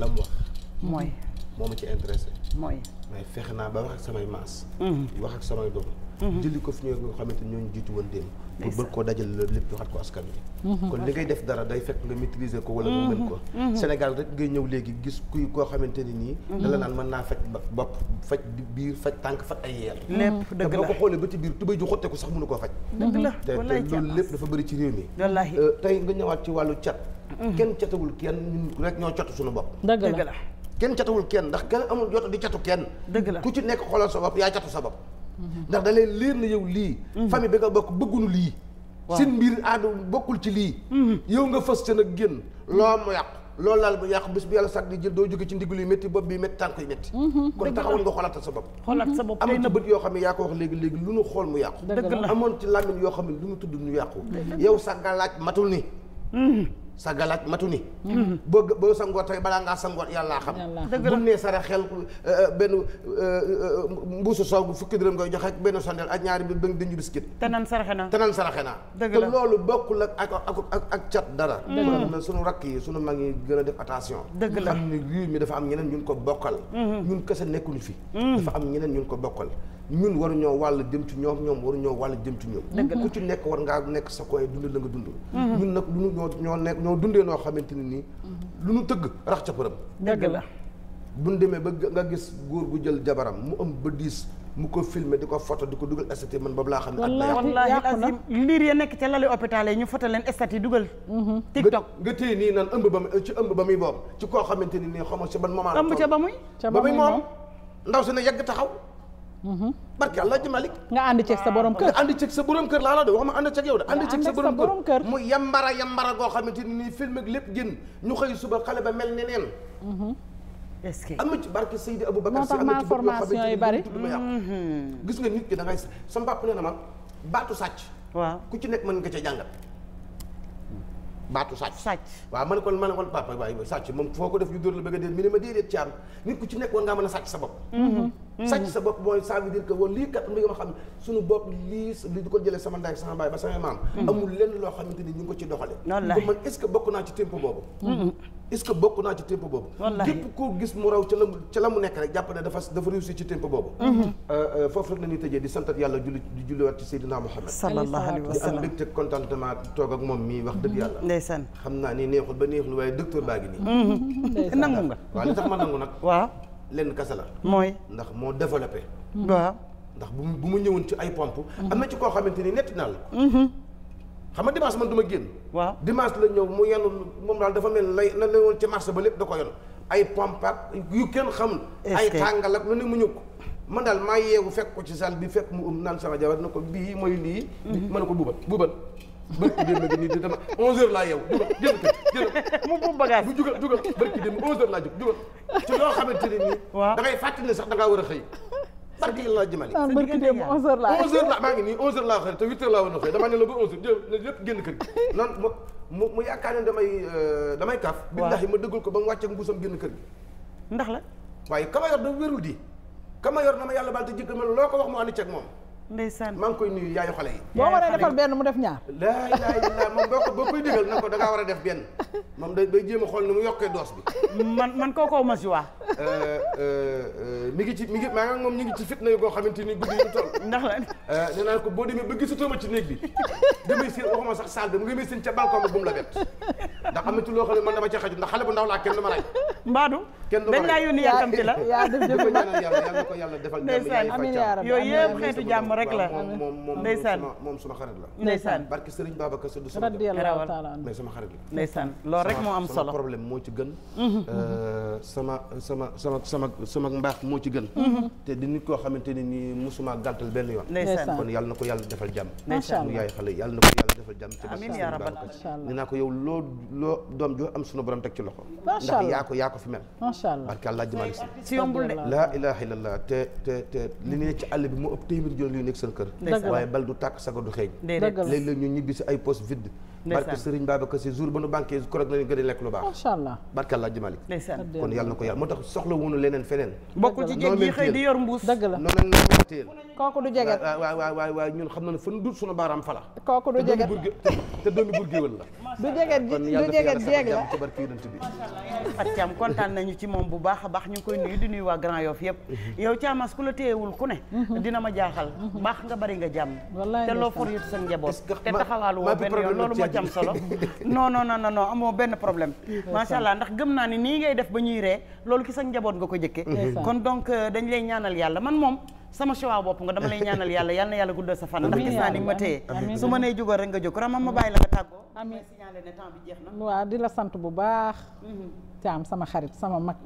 la mu wax mooy ma ci intéressé mooy mais fexe naa ba wax ak samay maas mhm. Mm-hmm. jëli ko fi ñu nga xamante ni ñooñu jiitu woon démb pour bër koo dajal loolu lépp joxaat ko askan bi mm-hmm. kon li ngay def dara day fekk nga maîtriser ko wala nga mën ko mm-hmm. Sénégal rek ngay léegi gis kuy koo xamante ni nii dala naan mën naa faj bopp faj biir faj tànk faj ay yeer lépp dëgg la te boo ko xoolee ba ci biir tubéy ju ko sax mënu koo faj dëgg la te loolu lépp dafa bëri ci réew mi wallaahi euh, tey nga ñëwaat ci wàllu cat kenn catawul kenn ñun rek ñoo catu suñu bopp dëgg la kenn catawul kenn ndax kenn amul jot di catu kenn dëgg la ku ci nekk xoolal sa bopp yaa catu sa bopp ndax da leen leer na yow lii. Mm-hmm. famille bi nga bokk bëggunu lii. seen mbir aadu bokkul ci lii. Mm-hmm. yow nga fës ca nag génn. loo mu yàq loolu laal bu yàq bis bu yàlla sàkk di jël doo jóge ci ndigul yu métti bopp bi métti tànk yu métti. Mm-hmm. kon taxawal nga xoolaatal sa bopp. xoolaat sa bopp amoon ci bët yoo xam ne yaa ko wax léegi léegi lu nu xool mu yàqu. amoon ci làmmiñ yoo xam ne lu nu tudd nu yàqu. yow sax nga laaj matul ni sa galaaj matu ni mm-hmm. boo boo sangoo tey balaa ngaa sangoot yàllaa xam bu nee sara xel eh, eh, benn eh, mbuusu soow bu fukki dërëm ngay joxe ak benn sondeel ak ñaari bi ba nga dënju biskit te nan saraxe naa te nan saraxe naa te loolu bokkul ak ak ak ak cat dara mm-hmm. na sunu rakk yi sunu mag yi gën a def attention dëgg la xam ko bokkal ñun kese fi dafa am ñeneen mm-hmm. ko bokkal ñun waruñoo wàll jëm ci ñoom ñoom waruñoo wàll jëm ci ñoom ku ci nekk war nga dund ñun nag lu ñoo nekk ñoo dundee noo xamante ne nii. Mhm. lu nu tëgg rax ca përëm. dëgg la. bu ñu demee ba nga gis góor gu jël jabaram mu am ba diis mu ko filmer di ko photo di ko dugal statut man boobu laa xam ne. wallaahi azim liir ya nekk ca lali hôpital yi ñu photo leen statut dugal. Mhm. tiktok nga téye nii naan ëmb ba muy ci ëmb ba muy boobu ci koo xamante ni nii xamoo ci ban moment. ëmb ca ba muy. ca ba muy moom ndaw si ne yegg taxaw. Mm-hmm. barke allah ji malik nga ànd ceeg sa borom kër nga ànd ceeg sa borom kër laa la de wax ma ànd ceeg yow de ànd ceeg sa borom kër mu yambara yambara goo xamante ni film ak lépp génn ñu xëy suba xale ba mel ne neen mm-hmm. est-ce que am na ci barke Seydi Aboubacar moo tax malformation yi bari mm-hmm. gis nga nit ki da sa sama papa na ma baatu sàcc waaw ku ci nekk mën nga ca jàngat baatu sàcc moom foo ko def ñu la bëgg a déet mi ne ma déedéet caaru nit ku ci nekk war ngaa mën a sàcc sa bopp mm-hmm. Mm-hmm. sàcc sa bopp mooy ça veut di ko jëlee sama ndaay sama baay ba sama maam mm-hmm. amul lenn loo xamante ni ñu ko ci doxale moom mii wax dëgg yàlla ndeysaan xam naa ni neexul ba neexul waaye docteur baa ngi nii mhm. nangu nga waaw li tax ma lenn kasa la mooy ndax moo développé mhm. waaw ndax bu bu mu ñëwoon ci ay pompe mhm. am na ci koo xamante ni netti naa la xam nga dimanche man du ma génn waaw dimanche la ñëw mu yenu moom daal dafa mel na la woon ci marché ba lépp da ko yor ay pompe ak yu kenn xamul ay tàngal lu ne mu ñëw ko man daal maa yeewu fekk ko ci salle bi fekk mu um naan sama jabar na ko bii mooy lii mën na ko buubat buubat barki démb gi nii di dama 11h laa yow jugal jël kër jël mu bu bagage bu jugal jugal barki démb 11h laa jug jugal ci loo xamante ne nii. waaw da ngay fàttali ne sax da ngaa war a xëy. barki la jëmale. ah barki démb 11 laa 11h laa maa ngi nii 11h laa xëy te 8 laa war a xëy damaa ne la ba 11h jël lépp génn kër gi. noonu mu mu mu ne damay euh, damay kaaf. waaw billahi ma dëggal ko ba mu wàcceeg mbuusam génn kër gi. ndax la. waaye kama yor da wérul ma yàlla baal te jëkkal ma loo ko wax mu ànd moom ndeysaan maa ngi koy nuyu yaayu xale yi. ko boo koy a def benn moom day day jéem a xool ni mu yokkee ma si waa. mi ngi ci mi ngi maa ngi moom ñu ngi ci fitna yu goo xamante ni guddi yu toll. ndax la nee naa ko boo demee ba gisatoo ma ci néeg bi damay seen waxuma sax saal bi mu ngi may seen ca balcon ba bu mu la bett ndax amatu loo xam ne man dama ca xaju ndax xale bu ndaw laa kenn du ma laaj. mbaadu dañ laa yónni la. yaa def jëf ko ñaanal yàlla yàlla ko yooyu yëpp xeetu jàmm rek la moom moom moom suma xarit la ndeysaan barki Serigne Babacar Sadou sama mais sama xarit la ndeysaan loolu rek moo am solo problème moo ci gën mhm. euh, sama sama sama sama sama mbaax moo ci gën mhm. te di nit koo xamante ni nii musuma gàntal benn yoon ndeysaan kon yàlla na ko yàlla defal jàmm mu yaay xale yàlla na ko yàlla defal jàmm ci amiin yaa rabbal aalamiin dinaa ko yow loo loo doom joo am sunu borom teg ci loxo ndax yaa ko yaa ko fi mel macha allah barki àllaa jimali si yombul de laa ilaha illallah te te te li ne ci àll bi moo ëpp téeméer léeg ñu ñibbi si ay poste vide barke Serigne Babacar Sy jour ba nu banqué korog la ñu gën a lekk lu baax barke allah jimalik kon yàlla na ko yàlla moo tax soxla wunu leneen feneen bokk yi xëy di yor mbuus dëgg la noonu la ñu téyel kooku du jeget waay waay waay ñun xam na ne fan dut sunu baaraam fala kooku du jeget te doomi bur la du jege du jege jeeg la kon Fatou Thiam kontaan nañu ci moom bu baax a baax ñu ngi koy nuyu di nuyu waa Grand Yoff yëpp mhm. yow Thiamas ku la téyewul ku ne mhm. dina ma jaaxal baax nga bari nga jàmm te loo for yëtu sa njaboot te taxawaalu woo benn yoon loolu ma jàmm solo non non non non amoo benn problème macha allah ndax gëm naa ni nii ngay def ba ñuy ree loolu ki sa njaboot nga ko jëkke kon donc euh, dañ lay ñaanal yàlla man moom sama choix bopp nga dama lay ñaanal yàlla yal na yàlla guddal sa fan ndax gis naa ni ma téye su ma nee jógal rek nga jóg kuréel ma ma bàyyi la nga tàggoo amiin signalé ne temps waaw di la sant bu baax mm-hmm. caam sama xarit sama mag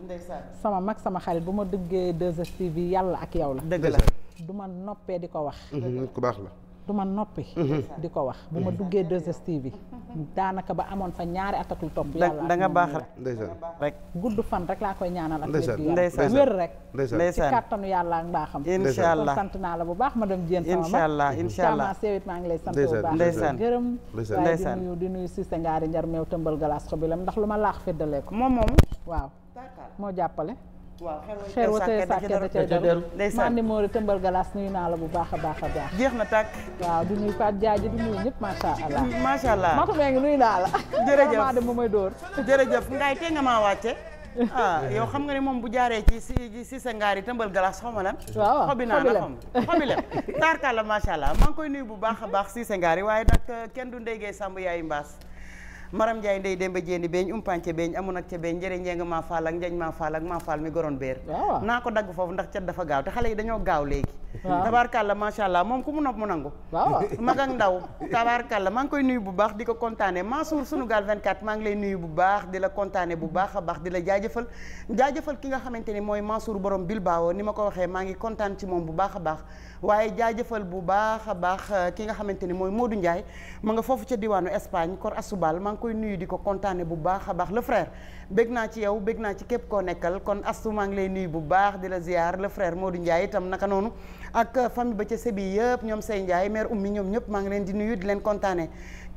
sama mag sama xarit bu ma dëggee 2STV yàlla ak yow la dëgg la du ma noppee di ko wax mm-hmm. ku baax la du ma noppi mm-hmm. di ko wax bu ma duggee 2STV bi daanaka ba amoon fa ñaari at ak lu topp yàlla da nga baax rek gudd fan rek laa koy ñaanal ak wér rek ci kàttanu yàlla mbaaxam incha allah sant naa la bu baax ma dem jéen sama incha maa ngi lay sant bu baax di nuyu di nuyu Cissé Ngaari Njar meew tëmbal galaas ko bi ndax lu ma laax feddalee ko moom moom waaw moo jàppale waaw xeer watee sàkke da cay daru man ni moori tëmbal galaas nuyu naa la bu baax a baax a baax jeex na tàkk waaw du nuyu Fatou Diagne du nuyu ñëpp macha allah mm, macha allah matu mee ngi nuyu naa la jërëjëf maa dem ba may dóor jërëjëf ngay tee nga maa wàcce ah, yow xam nga ne moom bu jaaree ci si si sa ngaar tëmbal galas xaw ma waaw xobi naa la xaw ma xobi lem tarkala macha allah maa ngi koy nuyu bu baax a baax si sa yi waaye nag eh, kenn du ndéygee sàmb yaayu mbaas. maram Ndiaye ndey demba jéeni beeñ umpaañ ca beeñ amun ak ca beeñ njëre njeenga maa faal ak njañ maa faal ak maa faal mi goron beer naa ko dagg foofu ndax cat dafa gaaw te xale yi dañoo gaaw léegi la macha allah moom ku mu nopp mu nangu waaw mag ak ndaw tabaarkàlla maa ngi koy nuyu bu baax di ko kontaane Mansour Sunugal 24 maa ngi lay nuyu bu baax di la kontaane bu baax a baax di la jaajëfal jaajëfal ki nga xamante ni mooy Mansour borom Bilbao ni ma ko waxee maa ngi kontaan ci moom bu baax a baax waaye bu baax a baax euh, ki nga xamante ni mooy Modou Ndiaye ma nga foofu ca diwaanu Espagne kor asubal maa ngi koy nuyu di ko kontaane bu baax a baax le frère naa ci yow bëgg naa ci képp koo nekkal kon astu maa ngi lay nuyu bu baax di la ziar le moo du Ndiaye itam naka noonu ak famille ba ca Sébi yëpp ñoom say Ndiaye mère ummi ñoom ñëpp maa ngi leen di nuyu di leen kontaane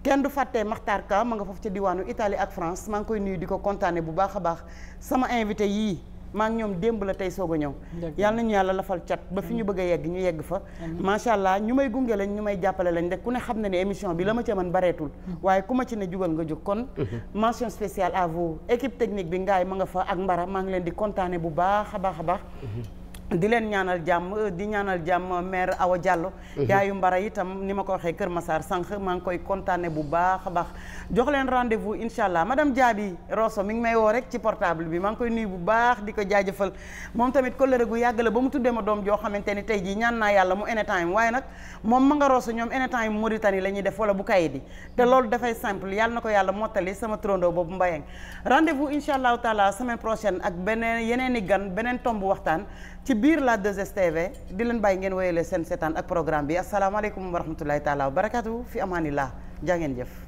kenn du fàtte Makhtar Ka ma nga foofu ca diwaanu itali ak France maa ngi koy nuyu di ko kontaane bu baax a baax sama invité yii maa ñoom démb la tey soog a ñëw yàlla nañu yàlla lafal cat ba fi ñu bëgg a yegg ñu yegg fa macha allah ñu may gunge lañ ñu may jàppale lañ rek ku ne xam na ne émission bi la ma ca mën bareetul hmm. ku ma ci ne nga jóg kon hmm. mention spéciale à vous technique bi ngaay ma nga fa ak mbara maa ngi leen di kontaane bu baax a baax a baax hmm. di leen ñaanal jàmm di ñaanal jàmm maire Awa Diallo. Mhm. yaayu mbara itam ni ma ko waxee Kër Massar sànq maa ngi koy kontaane bu baax a baax jox leen rendez-vous incha allah madame Diaby Rosso mi ngi may woo rek ci portable bi maa ngi koy nuyu bu baax di ko jaajëfal moom tamit kóllëre gu yàgg la ba mu tuddee ma doom joo xamante ni tey jii ñaan naa yàlla mu anytime waaye nag moom ma nga Rosso ñoom anytime Mauritanie la ñuy def wala bu kayit yi te loolu dafay simple yàlla na ko yàlla mottali sama turandoo boobu mbayeng rendez-vous incha allahu taala ak beneen yeneen i gan beneen tomb waxtaan ci biir la 2STV di leen bàyyi ngeen woyale seen seetaan ak programme bi asalaamaaleykum wa rahmatulahi taala wa barakaatu fi amaanillah jaa ngeen jëf